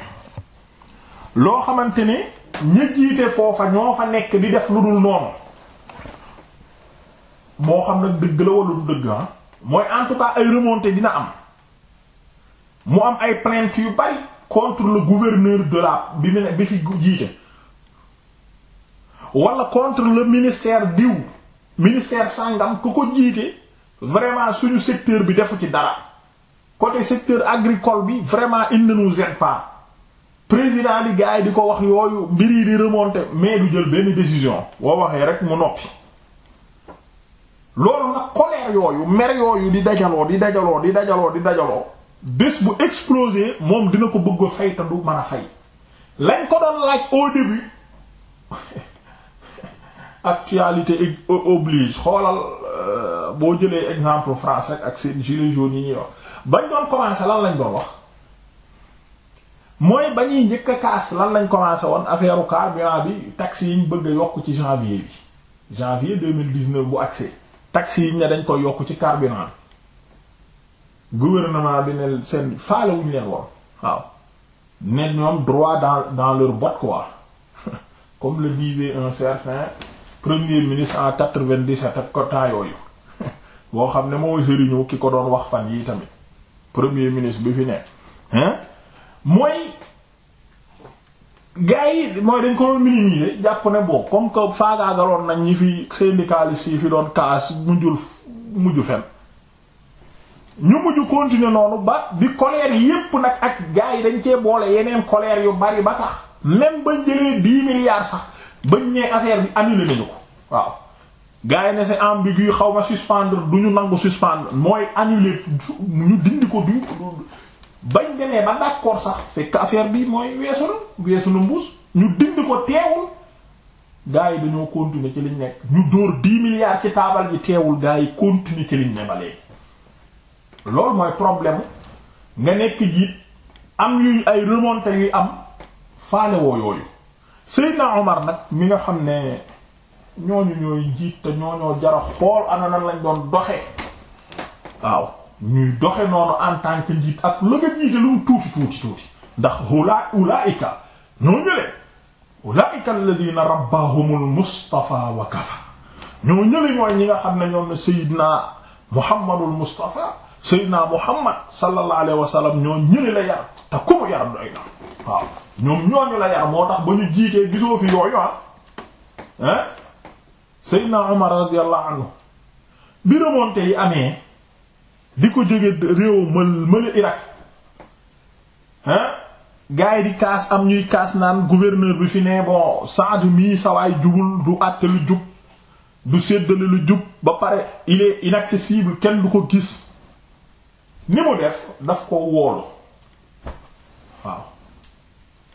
[SPEAKER 1] loo xamante ne ña jiite foofa ñoo fa nekk di def lu dul noonu moo xam nag dëgg la wala du dëgg ah mooy en tout cas ay remontées dina am. mu am ay plainte yu bari contre le gouverneur de la bi mu ne fi jiite wala contre le ministère diw ministère sàngam ku ko jiite vraiment suñu secteur bi defu ci dara côté secteur agricole bi vraiment il ne nous pas président di gars di ko wax yooyu mbir yi di remonter mais du jël benn décision boo waxee rek mu noppi loolu nag colère yooyu mer yooyu di dajaloo di dajaloo di dajaloo di dajaloo bés bu explosé moom dina ko bëgg a fay te du mën a fay lañ ko doon laaj au début actualité e-, oblige xoolal euh, boo jëlee exemple français ak seen gilets jaunes yi ñuy wax bañ doon commencé lan lañ doon wax mooy ba ñuy njëkk a kaas lan lañ commencé woon affaire carburant bi taxes yi ñu bëgg a yokk ci janvier bi janvier deux mille dix-neuf bu accès taxes yi ñu ne dañ koy yokk ci carburant gouvernement bi ne seen faale wuñ leen woon waaw ne ñoom droit dans dans leur botte quoi comme le disait un certain premier ministre en quatre-vingt-dix-sept ak ko temps yooyu boo xam ne moo sëriñu ki ko doon wax fan yi tamit premier ministre bi fi ne hein mooy gars yi mooy dañ ko doon minimiser jàpp ne boo comme que faagaagaloon nañ ñi fi syndicalistes yi fi doon kaas mujjul mujju fen ñu mujj continuer noonu ba bi colère yépp nag ak gars yi dañ cee boole yeneen colère yu bari ba tax même bañ jëlee dix milliards sax bañ ñee affaire bi annulé nañu ko waaw gars yi ne c'est ambigu xaw ma suspendre du ñu nangu suspendre mooy annulé ñu dindi ko duñ ko bañ demee ba d'accord sax fekk affaire bi mooy weesu na weesu na mbuus ñu dindi ko teewul gars yi dañoo continuer ci liñ nekk ñu dóor dix milliards ci taabal ji teewul gars yi continuer ci liñ ne ba loolu mooy problème nga nekk jiit am yuy ay remontées yuy am faale woo yooyu Seydina Omar nag mi nga xam ne ñooñu ñooy jiit te ñooñoo jara xool ana nan lañ doon doxe waaw doxe noonu en tant que njiit ak la nga jiite lu mu tuuti tuuti tuuti ndax hula ulaika ñoo ñële ulaika alladhina rabbahumul mustafa wa ñi nga xam ne ñoom ne Seydina Muhammadul Mustafa Seydina Muhammad sallallahu alayhi wa ñoo ñëli la yar te ku mu yar doy na waaw ñoom ñooñu la yar moo tax ba ñu jiitee gisoo fi yooyu ah ah Umar radiyallahu anhu bi remontée yi amee di ko jóge réew mël mële Irak ah gars di kaas am ñuy kaas naan gouverneur bi fi ne bon Saad mii sawaay jubul du àtte lu jub du séddale lu jub ba pare il est kenn du ko gis ni mu def daf ko woolu waaw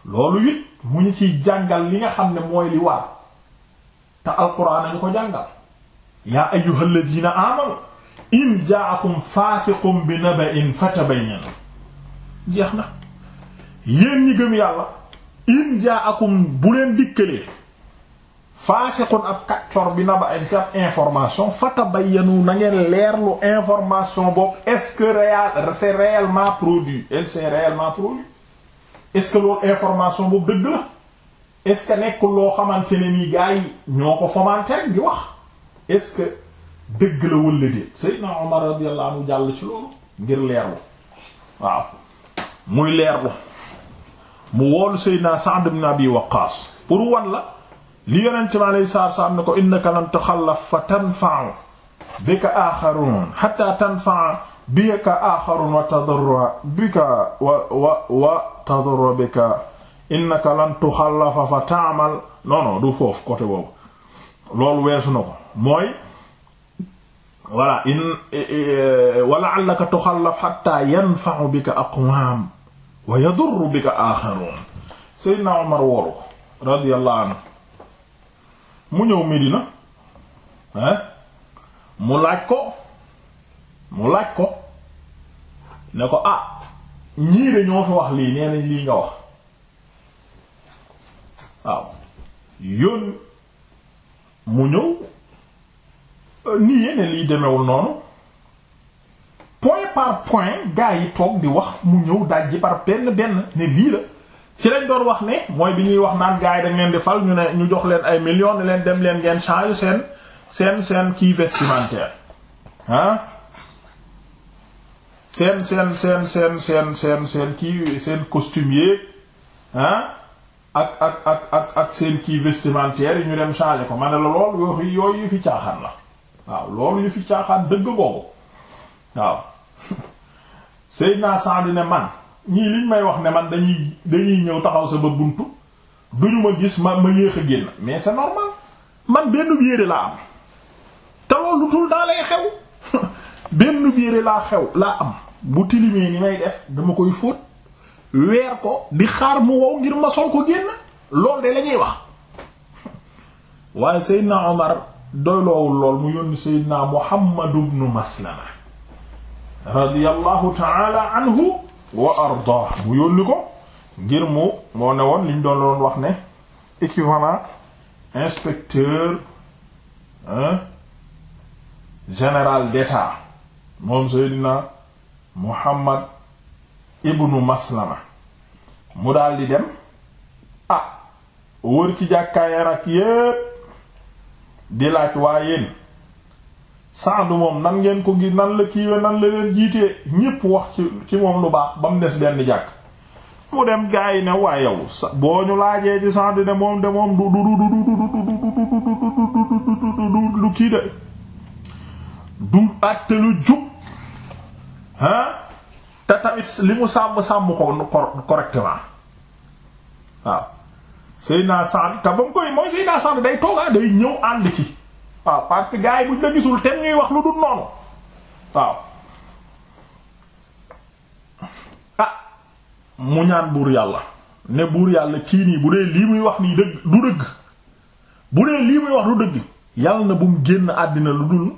[SPEAKER 1] loolu it mu ñu ciy jàngal li nga xam ne mooy li war te alquran ñu ko jàngal yaa ayyuhal ladina amanu in ja'akum fasiqun bi naba'in fatabayyanu jeex na yéen ñi gëm yàlla in ja'akum bu leen dikkalee faasiqun ab kaccor bi naba ay ci ab information fatabayyanu na ngeen leerlu information boobu est-ce que réel c'est produit est-ce que loolu information boobu dëgg la est-ce que nekkul loo xamante ne nii gars yi ñoo ko fomenté rek di wax est-ce que dëgg la walla déet Seydina Omar radiyallahu jàll ci loolu ngir leerlu waaw muy leerlu mu woolu Seydina Sa'd ibn Abi Waqqas pour wan la. li yonent mi alayhi salaatu salaam ne ko innaka lan tuxallaf fa tanfa'u bika aaxaruun hatta tanfa'a bika aaxaruun wa tadarra bika wa wa wa tadarra bika innaka lan tuxallafa fa ta'mal non non du foofu côté boobu loolu weesu na ko mooy voilà in wa la'allaka tuxallaf hatta yanfa'u bika aqwaam wa yadurru bika aaxaruun Seydina Umar radiyallahu anhu mu ñëw Medina hein mu laaj ko mu laaj ko ne ko ah ñii ñoo fi wax lii nee nañ lii nga wax waaw yoon mu ñëw nii yéene lii demewul noonu point par point gaa yi toog di wax mu ñëw dajji par benn benn ne lii ci lañ doon wax ni mooy bi ñuy wax naan gars yi dañ leen di fal ñu ne ñu jox leen ay millions leen dem leen ngeen changer seen seen seen kii vestimentaire ah seen seen seen seen seen seen seen kii seen costumier ah ak ak ak ak ak seen kii vestimentaire yi ñu dem changer ko ma ne la loolu yooyu yu fi caaxaan la waaw loolu yu fi caaxaan dëgg googu waaw Seydina Sa'd ne man ñii liñ may wax ne man dañuy dañuy ñëw taxaw sama buntu duñu ma gis ma ma yéex a génn mais c'est normal man benn yére laa am te loolu tul daa xew benn yére laa xew laa am bu tilimee ni may def dama koy fóot weer ko di xaar mu wow ngir ma sol ko génn lool de lañuy wax waaye Seydina Omar doyloowul lool mu yónni Seydina Muhammad ibn Maslama radiyallahu ta'ala anhu wa arda mu yónni ko ngir mu moo ne woon liñ doon woon wax ne équivalent inspecteur hein général d'état moom Seydina Muhammad ibnu Maslama mu daal di dem ah wër ci jàkkaay Irak yépp di laaj waa yéen Saad moom nan ngeen ko gi nan la kiiwe nan la leen jiitee ñépp wax ci ci moom lu baax ba mu des benn jàkk mu dem gaa yi ne waa yow boo ñu laajee ci Saad ne moom de moom du du du du du du kii de du àtte lu jub ah te tamit li mu sàmm sàmm ko correctement waaw Seydina Saad te ba mu koy mooy Seydina Saad day toogaa day ñëw ànd ci waaw parce que gars yi buñ la gisul te ñuy wax lu dul noonu waaw ah mu ñaan buur yàlla ne buur yàlla kii nii bu dee lii muy wax nii dëgg du dëgg bu dee lii muy wax du dëgg yàlla na bu mu génn àddina lu dul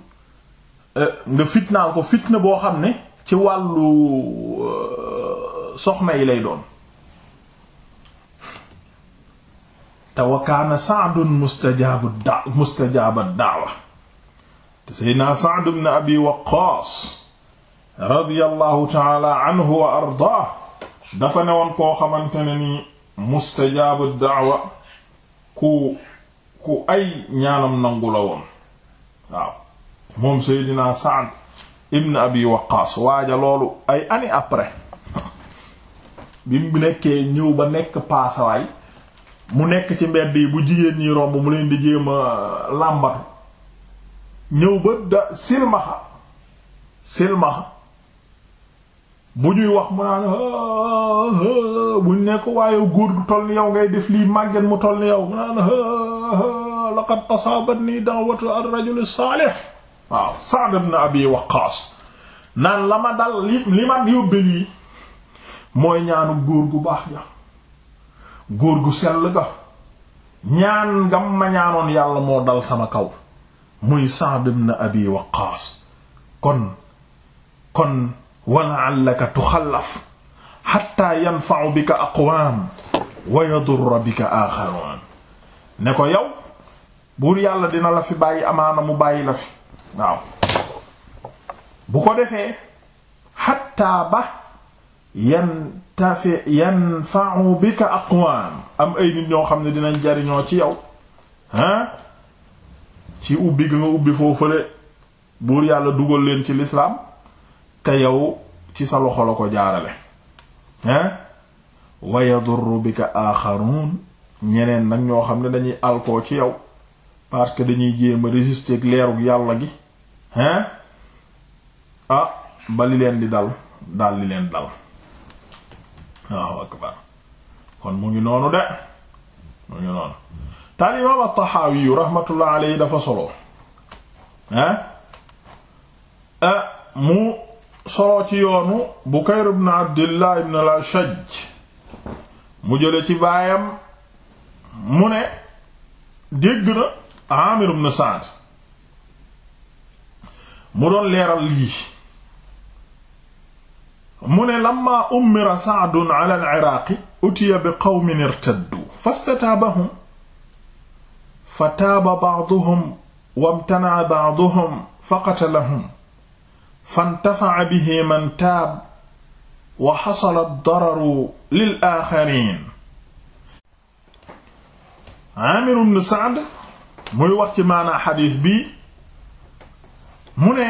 [SPEAKER 1] euh, nga fitnaal ko fitna boo xam ne ci wàllu euh, soxna yi lay doon te wa kaana Sa'dun mustajaabu da mustajaaba da'wa te Seydina Sa'd ibn Abi Waqqaas radiyallahu wa ardaah dafa ne woon koo xamante ne ni mustajaabu da'wa ku ku ay ñaanam nangu la woon waaw moom Seydina Sa'd waaja loolu ay années après bi mu nekkee ñëw ba nekk paasawaay mu nekk ci mbedd bi bu jigéen ñi romb mu leen di jéem a ñëw ba da silmaxa silmaxa mu ñuy wax mu naan ah, ah, ah, buñ nekk waaye góor gu toll ni yow ngay def lii màgget mu toll ni yow mu naan laqad asabatni da'watu ar-rajul salih waaw Sa'd ibn Abi Waqqas naan la ma dal li ma yóbbee yi mooy ñaanu góor gu baax ja góor gu sell ga ñaan ngam ma ñaanoon yàlla moo dal sama kaw muy Sa'd ibn Abi Waqqaas kon kon wa la'allaka tuxallaf xatta yanfa'u bika aqwaam wa yadurru bika aaxaruun ne ko yow buur yàlla dina la fi bàyyi amaana mu bàyyi la fi waaw bu ko defee xatta ba yantafi yanfa'u bika aqwam am ay nit ñoo xam ne dinañ jariñoo ci yow ah ci ubbi gi nga ubbi foofale buur yàlla dugal leen ci lislaam te yow ci sa loxo la ko jaarale ah wa yadurru bika ñeneen nag ñoo xam ne dañuy alkoo ci yow parce que dañuy jéem a résister yàlla gi hein ah bali leen di dal dal li leen dal waaw akbar kon mu ngi noonu de mu ngi noonu taal imaam at-Tahawi dafa solo ah mu solo ci yoonu Bukayr ibn Abdillah ibn al mu jële ci baayam mu ne dégg na Amir ibn Sa'd mu doon leeral lii mu ne lamma ummira saadun ala al-iraaqi utiya bi qawmin irtaddu fastataabahum fa taaba ba'duhum wamtana'a ba'duhum faqatalahum fantafa'a bihi man taab wa hasala ad-dararu lil aaxariin Aamir ibn Sa'd muy wax ci maanaa xadiis bi mu ne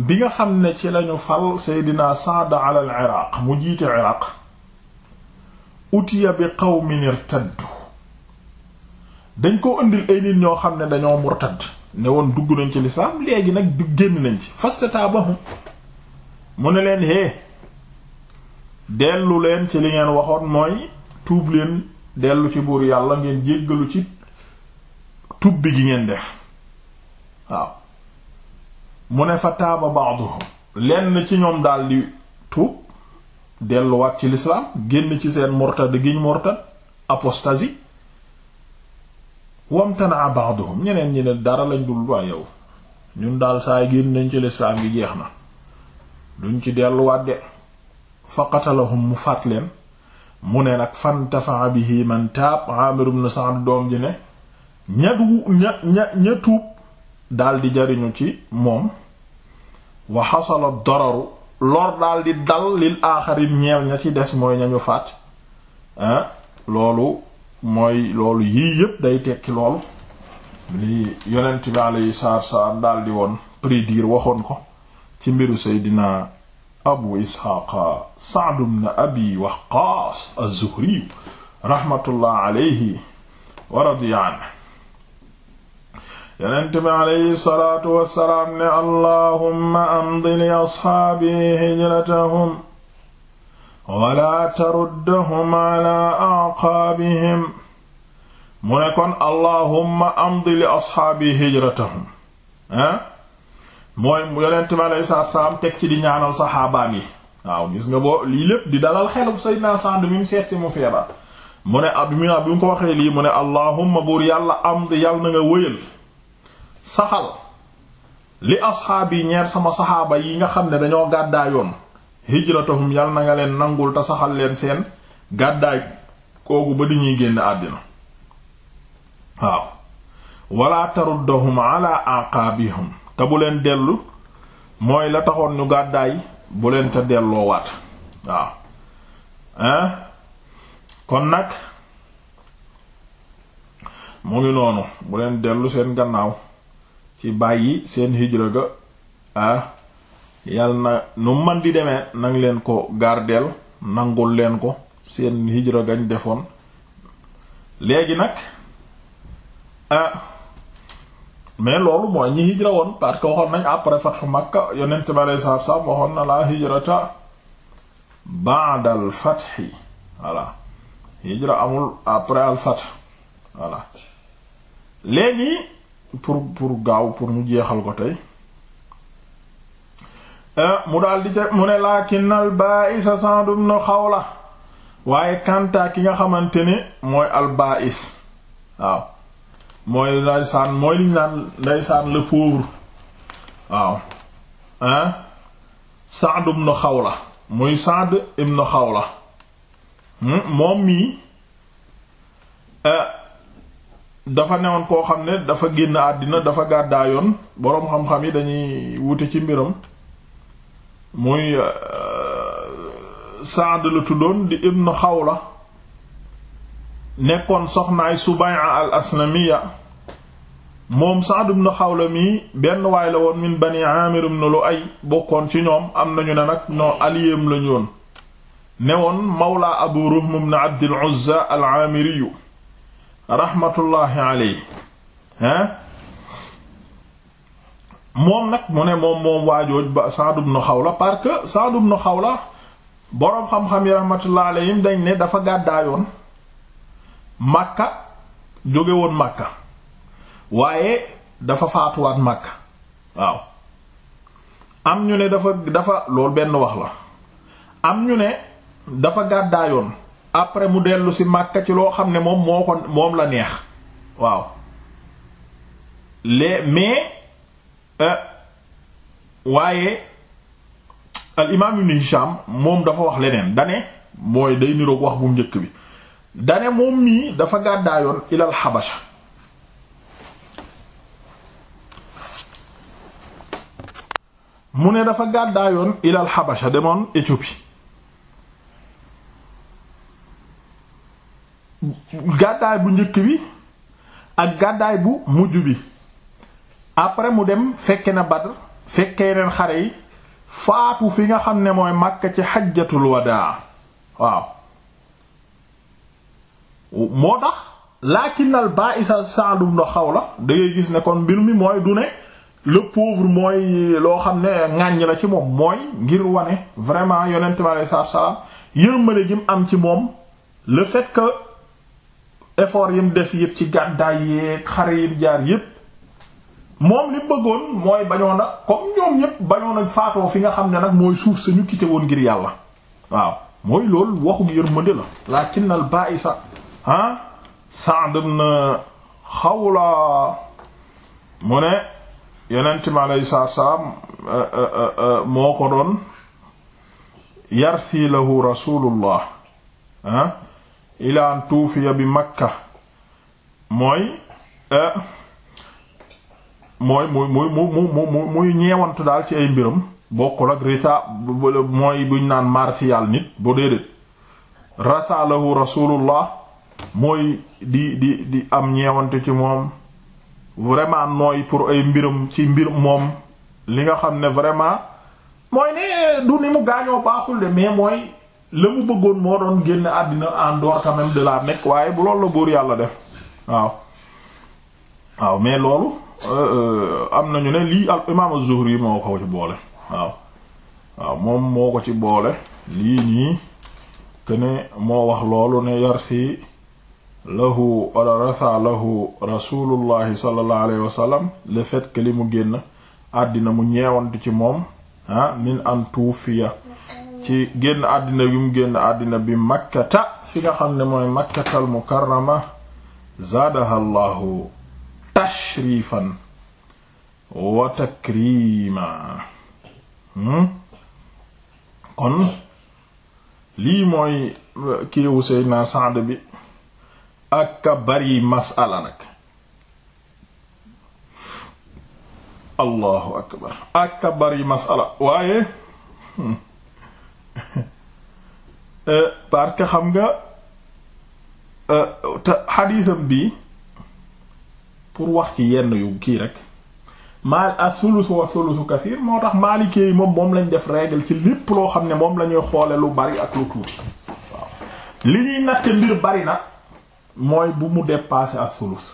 [SPEAKER 1] bi nga xam ne ci lañu fal seydina Sa'd ala al-Iraq mu jiite Iraq utiya bi qawmin irtaddu dañ ko indil ay nit ñoo xam ne dañoo murtad ne woon dugg nañ ci lislaam léegi nag du génn nañ ci fastatabahum mu ne leen hee dellu leen ci li ngeen waxoon mooy tuub leen dellu ci buur yàlla ngeen jéggalu ci tubbi gi ngeen def waaw mu ne fa taaba ba'duhum lenn ci ñoom daal di tuub delluwaat ci lislaam génn ci seen murtad giñ murtad apostasie wamtana ba'duhum ñeneen ñi ne dara lañ dul waa yow ñun daal saa génn nañ ci lislaam gi jeex na duñ ci delluwaat de fa qatalahum mu faat leen mu ne nag fantafa bihi man taab Amir ibn Sa'd doom ji ne ña ña ña tuub daldi jariñu ci moom wa xasala dararu lor daal di dal lil aaxarin ñeel ña ci des mooy ñañu faat hein loolu mooy loolu yii yépp day tekki loolu li yonent bi alayhi salaatu wassalaam daal woon prédire waxoon ko ci mbiru seydina abu isxaaqa sa'd ibn abi waqqaas az-zuhri alayhi wa radiya anhu yonent bi alayhi salaatu wassalaam ne allahumma amdi li asxaabi hijratahum wala taruddahum ala aqaabihim mu ne kon allahumma amdi li asxaabi hijratahum ah mooy yonent bi alayhi salaatu wassalaam teg ci di ñaanal saxaabaam gis nga boo lii lépp di dalal xelub sayyidina Sa'd mi mu seet mu feebar mu ne ab ah, bi mu ko waxee lii mu ne allahumma buur yàlla amdi yàlla na nga wëyal saxal li asxaab yi ñeer sama saxaaba yi nga xam ne dañoo gàddaayoon hijratahum yal na nga leen nangul te saxal leen seen gàddaay koogu ba di ñuy génn àddina waaw wala taruddahum ala aqaabihum te bu leen dellu mooy la taxoon ñu gàddaay bu leen ca delloowaat waaw hein kon nag mu ngi noonu bu leen dellu seen gannaaw ci bàyyi seen hijra ga ah na nu man di demee nang leen ko gardeel nangul leen ko seen hijra gañ defoon léegi nag ah mais loolu mooy ñi hijra woon parce que waxoon nañ après fathu Makka yonent bi alei salaatu waxoon na laa hijrata ba'da al fath voilà hijra amul après al fath voilà léegi pour pour gaaw pour ñu jeexal ko tey eh, mu daal di ca mu ne laakin albaisa Sa'd ibn Khawla waaye kantaa ki nga xamante ne mooy albais waaw mooy ndaysaan mooy liñ naan ndaysaan le pauvre waaw ah Sa'd ibn Khawla muy Sa'd ibn Khawla hmm? moom mii eh, dafa newoon koo xam ne dafa génn àddina dafa gàddaayoon boroom xam-xam yi dañuy wuti ci mbiram muy euh, Saad la tuddoon di ibnu Xawla nekkoon soxnaay Subay'a al Aslamiya moom Saad ibnu Xawla mii benn waay la woon min Bani Aamir ibnu Lu'ay bokkoon ci ñoom am nañu ne nag noo aliyem lañu woon newoon mawla Abu Ruhm ibnu Abdil Uzza al Aamiriyu rahmatullahi alayhi hein moom nag mu ne moom moom waajooj ba Sa'd ibn Khawla parce que Sa'd ibn Khawla boroom xam-xam yi rahmatullahi alayhim dañ ne dafa gàddaayoon màkka jóge woon waaye dafa faatuwaat Makka waaw am ñu ne dafa dafa loolu benn wax la am ñu ne dafa gàddaayoon après mu dellu si Makka ci loo xam ne moom moo ko moom la neex waaw les mais euh, waaye al imaam ibn Hisham moom dafa wax leneen dane mooy day niroog wax bu njëkk bi dane moom mii dafa gàddaayoon ilal Habasha mu ne dafa gàddaayoon ilal Habasha demoon Éthiopie gàddaay bu njëkk bi ak gàddaay bu mujj bi après mu dem fekke na Badr fekke yeneen xare yi faatu fi nga xam ne mooy Makka ci xajjatul wadaa waaw moo tax laakinal ba'isa Sa'd ibn Khawla da ngay gis ne kon mbir mi mooy dune ne le mooy loo xam ne ŋàññ la ci moom mooy ngir wane vraiment yonent mi alayhi salaam yërmale gi mu am ci moom le fait effort yim def yëpp ci gàddaay yeeg xare yim jaar yëpp moom li bëggoon mooy bañoon comme ñoom ñëpp bañoon faatoo fi nga xam ne nag mooy suuf sañu quitté woon ngir yàlla waaw mooy loolu waxu yërmande la lakin al ba'isa ah Sa'd ibn Khawla mu ne yonent mi alayhi salaam euh, euh, euh, moo ko doon yarsi lahu rasulullah ah ila an tuufiya bi makka mooy euh, mooy muy muy mu muy ñeewantu daal ci ay mbiram bokkul ak risa mooy buñ naan martial nit bu déedéet rasaalahu mooy di di di am ñeewantu ci moom vraiment nooy pour ay mbiram ci mbir moom li nga xam ne vraiment mooy ne du ni mu gaañoo baaxul de mais mooy la mu bëggoon moo doon génn àddina en dehors quand même de la waaye bu loolu la buur yàlla def waaw waaw mais loolu euh, euh, am nañu ne lii al imaam zuhri moo ko ci boole waaw waaw moom moo ko ci boole lii nii que moo wax loolu ne yar si lahu wala rasa lahu rasulullahi sallallahu alayhi wa sallam le fait mu génn àddina mu ñeewantu ci moom ah min an tuufiya ci génn àddina bi mu bi makkata fi nga xam ne mooy makkatal mukarrama zaadaha allahu tashrifan wa hmm? kon lii mooy euh, kiiwu Seydina Saad bi ak masala nag allahu akbar ak masala waaye hmm. Euh, parce que xam nga euh, te xadiisam bi pour wax ci yenn yu kii rek maal as-sulusu wa sulusu kasir moo tax maalikee yi moom moom lañ def règle ci lépp loo xam ne moom la ñuy xoole lu bari ak lu tuuti waaw li ñuy natt mbir bari na mooy bu mu dépasser as-sulus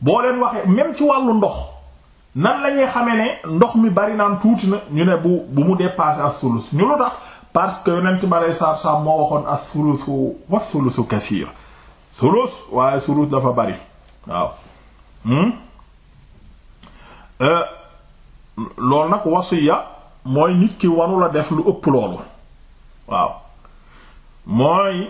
[SPEAKER 1] boo leen waxee même ci wàllu ndox nan la ñuy xamee ne ndox mi bari naan tuuti na ñu ne bu bu mu dépasser as-sulus ñu lu tax parce que yonent bi aleyhi salaatu salaam moo waxoon ak sulusu wa sulusu kasiir sulus waaye sulus dafa bari waaw hmm? euh, loolu nag ya mooy nit ki wanu def lu ëpp loolu waaw mooy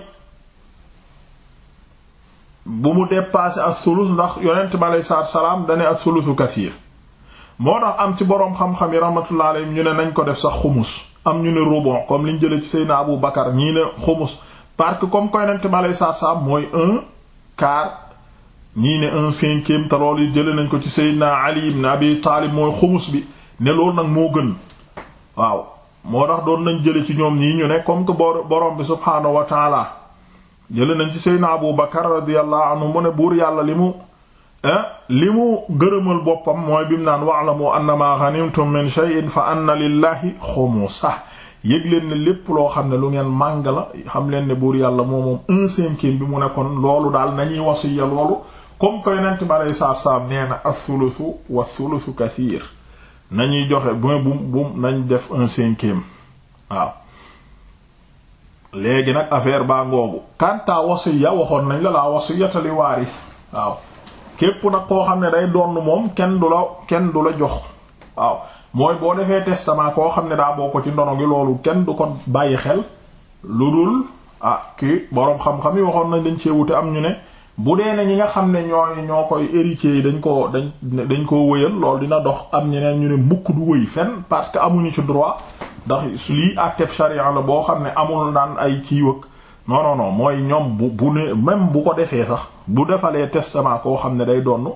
[SPEAKER 1] bu mu dépassé as-sulus ndax yonent bi aleyhi salaam dane ak sulusu kasiir moo tax am ci boroom xam-xam yi rahmatullahi alayhim ñu ne nañ ko def sax xumus am ñu ne rubu comme liñ jëlee ci Seydina Abu Bakar ñii ne xumus parce que comme koy nente malay saab-saab mooy un quart ñii ne un cinquième te loolu jële nañ ko ci Seydina Ali ibn Abi Taalib mooy xumus bi ne loolu nag moo gën waaw moo tax doon nañ jële ci ñoom ñii ñu ne comme que borom bi subhaanahu wa taala jële nañ ci Seydina Abu Bakar radiyallahu anhu mu ne buur yàlla li mu Eh? li mu gërëmal boppam mooy bi mu naan wa'lamu annama ghanimtum min shay'in fa anna lillahi xumusa yëg leen ne lépp loo xam ne lu ngeen màng la xam leen ne buur yàlla moo moom un cinquième bi mu ne loolu daal nañuy wasiya loolu comme koy nent ma lay saab-saab nee na as-sulusu wa sulusu kasiir nañuy joxe bu bum bum nañ def un cinquième waaw léegi nag affaire baa ngoogu kanta wasiya waxoon nañ la laa wasiyata li waaris waaw képp nag koo xam ne day donn moom kenn du la kenn du la jox waaw mooy boo defee testament koo xam ne daa ko ci ndono gi loolu kenn du ko bàyyi xel lu dul ah kii boroom xam-xam yi waxoon nañ dañ cee wute am ñu ne bu dee ne ñi nga xam ne ñooy ñoo koy héritier yi dañ ko dañ dañ koo wëyal loolu dina dox am ñeneen ñu ne mukk du wëy fenn parce que amuñu ci droit ndax lii àtteb charia la boo xam ne amul naan ay kii non non mooy ñoom bu bu ne même bu ko defee sax bu defalee testament koo xam ne day donn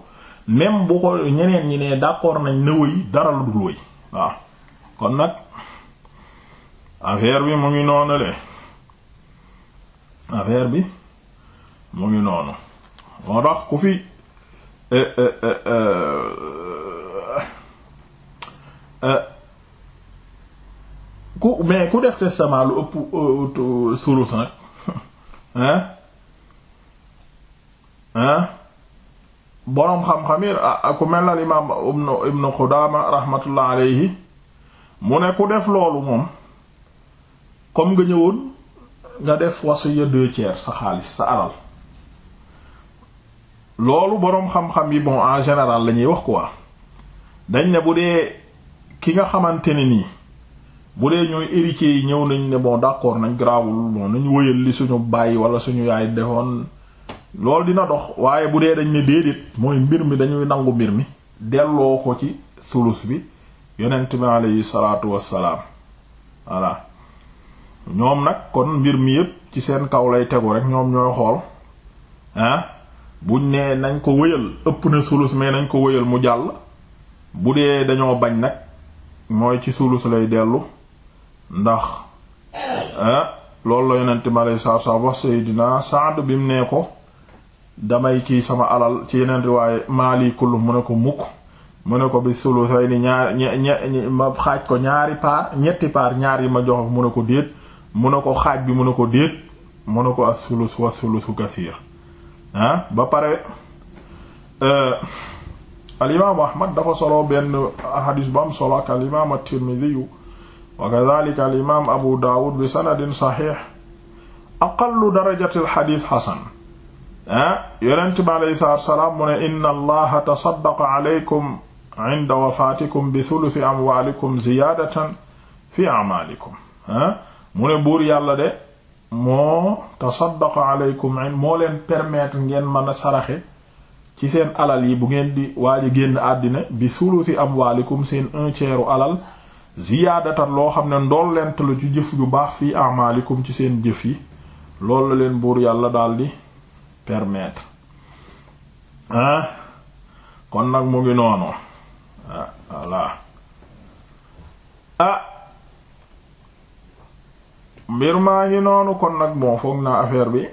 [SPEAKER 1] même bu ko ñeneen ñi ne d'accord nañ ne wëy dara lu dul wëy waaw kon nag affaire bi mu ngi noonu bi mu ngi noonu moo tax ku fi eh, eh, eh, ku mais ku def testament lu ëpp euh, euh, sulus nag hein hein boroom xam-xam yi ku mel al imaam ibnu Qudaama raxmatullah alayhi mu ne ku def loolu moom comme nga ñëwoon nga def wasiya deux tiers sa xaalis sa alal loolu boroom xam-xam yi bon en général la ñuy wax quoi dañ ne bu dee ki nga xamante ne nii bu dee ñooy héritiers yi ñëw nañ ne bon d'accord nañ garaawul bon nañ wëyal li suñu bàyyi wala suñu yaay defoon loolu dina dox waaye bu dee dañ ne déedéet mooy mbir mi dañuy nangu mbir mi delloo ko ci sulus bi yonent bi aleyhi salaatu wassalaam voilà ñoom nag kon mbir mi yépp ci seen kaw lay tegu rek ñoom ñooy xool ah buñ nee nañ ko wëyal ëpp na sulus mais nañ ko wëyal mu jàll bu dee dañoo bañ nag mooy ci sulus lay dellu ndax eh, loolu la yonent mi aleyhi salaatu salaam wax Seydina Saad bi mu nee ko damay kii sama alal ci yeneen riwaaye maali kullu mu ne ko mukk mu ne ko bi sulusay ni ñaar ñe ma xaaj ko ñaari paar ñetti paar ñaar yi ma jox mu ne ko déet mu ne ko xaaj bi mu ne ko déet mu ne ko as sulus wa sulusu kasiir ah ba pare eh, al imaamu Ahmad dafa solo benn hadis bu am solo ak al imaamu at wa kadhalika al imaam abu daawud bi sanadin saxiix aqallu darajati alxadiis xasan ah yonent bi aleyhi salaatu wafaatikum bi thuluthi amwaalikum ziyaadatan fi a'maalikum ah mu ne buur yàlla de moo tasaddaqa aleykum moo leen permettre ngeen mën a saraxe ci seen alal yi bu ngeen di waaj a génn bi thuluthi amwaalikum seen un alal ziyaadatan loo xam ne ndollent la ci jëf yu baax fii amaalikum ci seen jëf yi loolu la leen buur yàlla daldi permettre ah kon nag mu ngi noonu ah voilà ah mbir maa ngi noonu kon nag bon foog naa affaire bi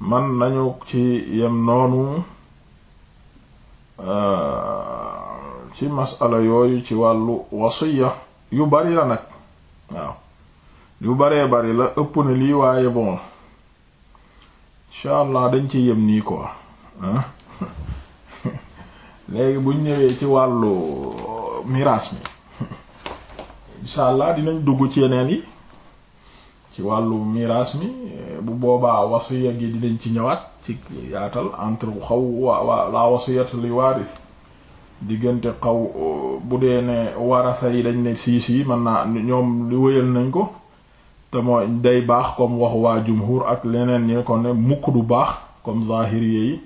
[SPEAKER 1] man nañu ci yem noonu. Euh, ci masala yooyu ci wàllu wasiya yu bari la nag waaw yu baree bari la ëpp na lii waaye bon incha allah dañ ci yem nii ko ah léegi buñ ñëwee ci wàllu miraas mi incha allah dinañ dugg ci yeneen yi ci wàllu miraas mi bu boobaa wasiya gi dinañ ci ñëwaat ci yaatal entre bu xaw waa waa laa wasiyatu li waaris diggante xaw bu dee ne warasa yi lañ ne sii sii mën naa ñoom li wëyal nañ ko te mooy day baax comme wax waa jumhur ak leneen ñi ko ne mukk du baax comme zahiriye yi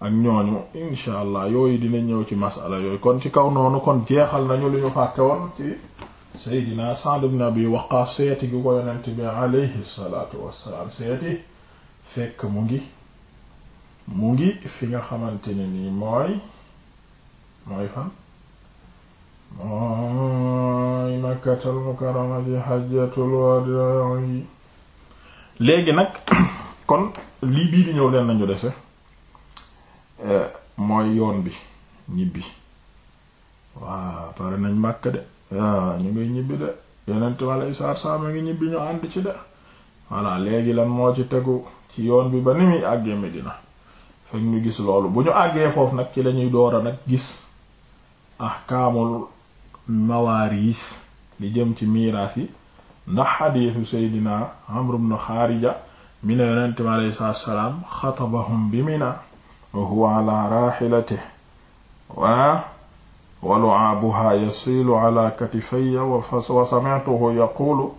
[SPEAKER 1] ak ñooñu insha allah yooyu dina ñëw ci masala yooyu kon ci kaw noonu kon jeexal nañu li ñu fàtte woon ci seydina Sa'd ibn Abi Waqqas seeti gi ko yonent bi alayhi salaatu wassalaam seeti fekk mu ngi mu ngi fi nga xamante ne nii mooy mooy fan mooy makkatal mukarrama di hajjatul wadaa léegi nag kon lii bii di ñëw leen nañu dese eh, mooy yoon bi ñibbi waaw pare nañ màkk de ñu ngi ñibbi de yenent malay saar-saam ngi ñibbi ñu ànd ci de voilà léegi lan moo ci tegu ci yoon bi ba ni muy àggee Medina fekk ñu gis loolu bu ñu àggee foofu nag ci lañuy doora nag gis ahkaamul mawaris li jëm ci miiraas yi ndax xadiisu seydina amr ibn xaarija mi ne yonente mi alayhi salaatu salaam xatabahum bi mina wa huwa ala raxilatihi wa waluaabuha yasilu ala katifayya wa sami'tuhu yaqulu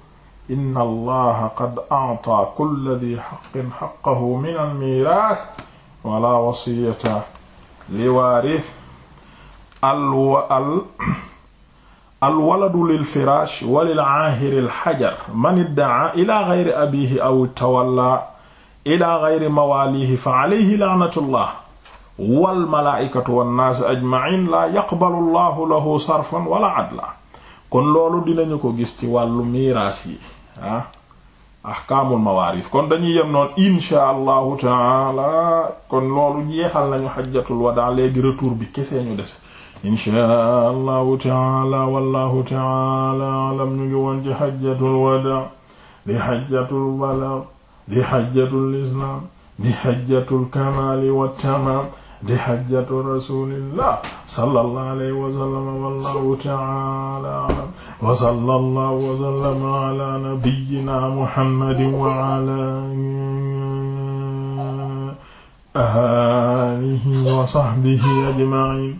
[SPEAKER 1] inna allaha qad a'ta kulla dhi haqqin haqqahu min al-miiraas wala wasiyata li waarith al alwaladu lil firaash wa lil aahiri alxajar man iddaa ila gayri abiihi aw tawalla ila gayri mawaalihi fa alayhi laanatullah wal malaaikatu wannaasi ajmaciin laa yaqbalu llahu lahu sarfan wala adla kon loolu dinañu ko gis ci wàllu miiraas yi ah ahkaamul mawaaris kon dañuy yem noonu insha allahu taala kon loolu jeexal nañu xajjatul wadaa léegi retour bi kese ñu des inchaa allahu taala wallahu taala alam ñu ngi woon ci xajjatul wada di xajjatul balagh di xajjatul islaam di xajjatul kamaali wattamaam di xajjatu rasulillah sallallahu alayhi wa sallam wallahu taala alam wa sallallahu wa sallama ala nabiyyina muhammadin wa ala alihi wa sahbihi ajma'in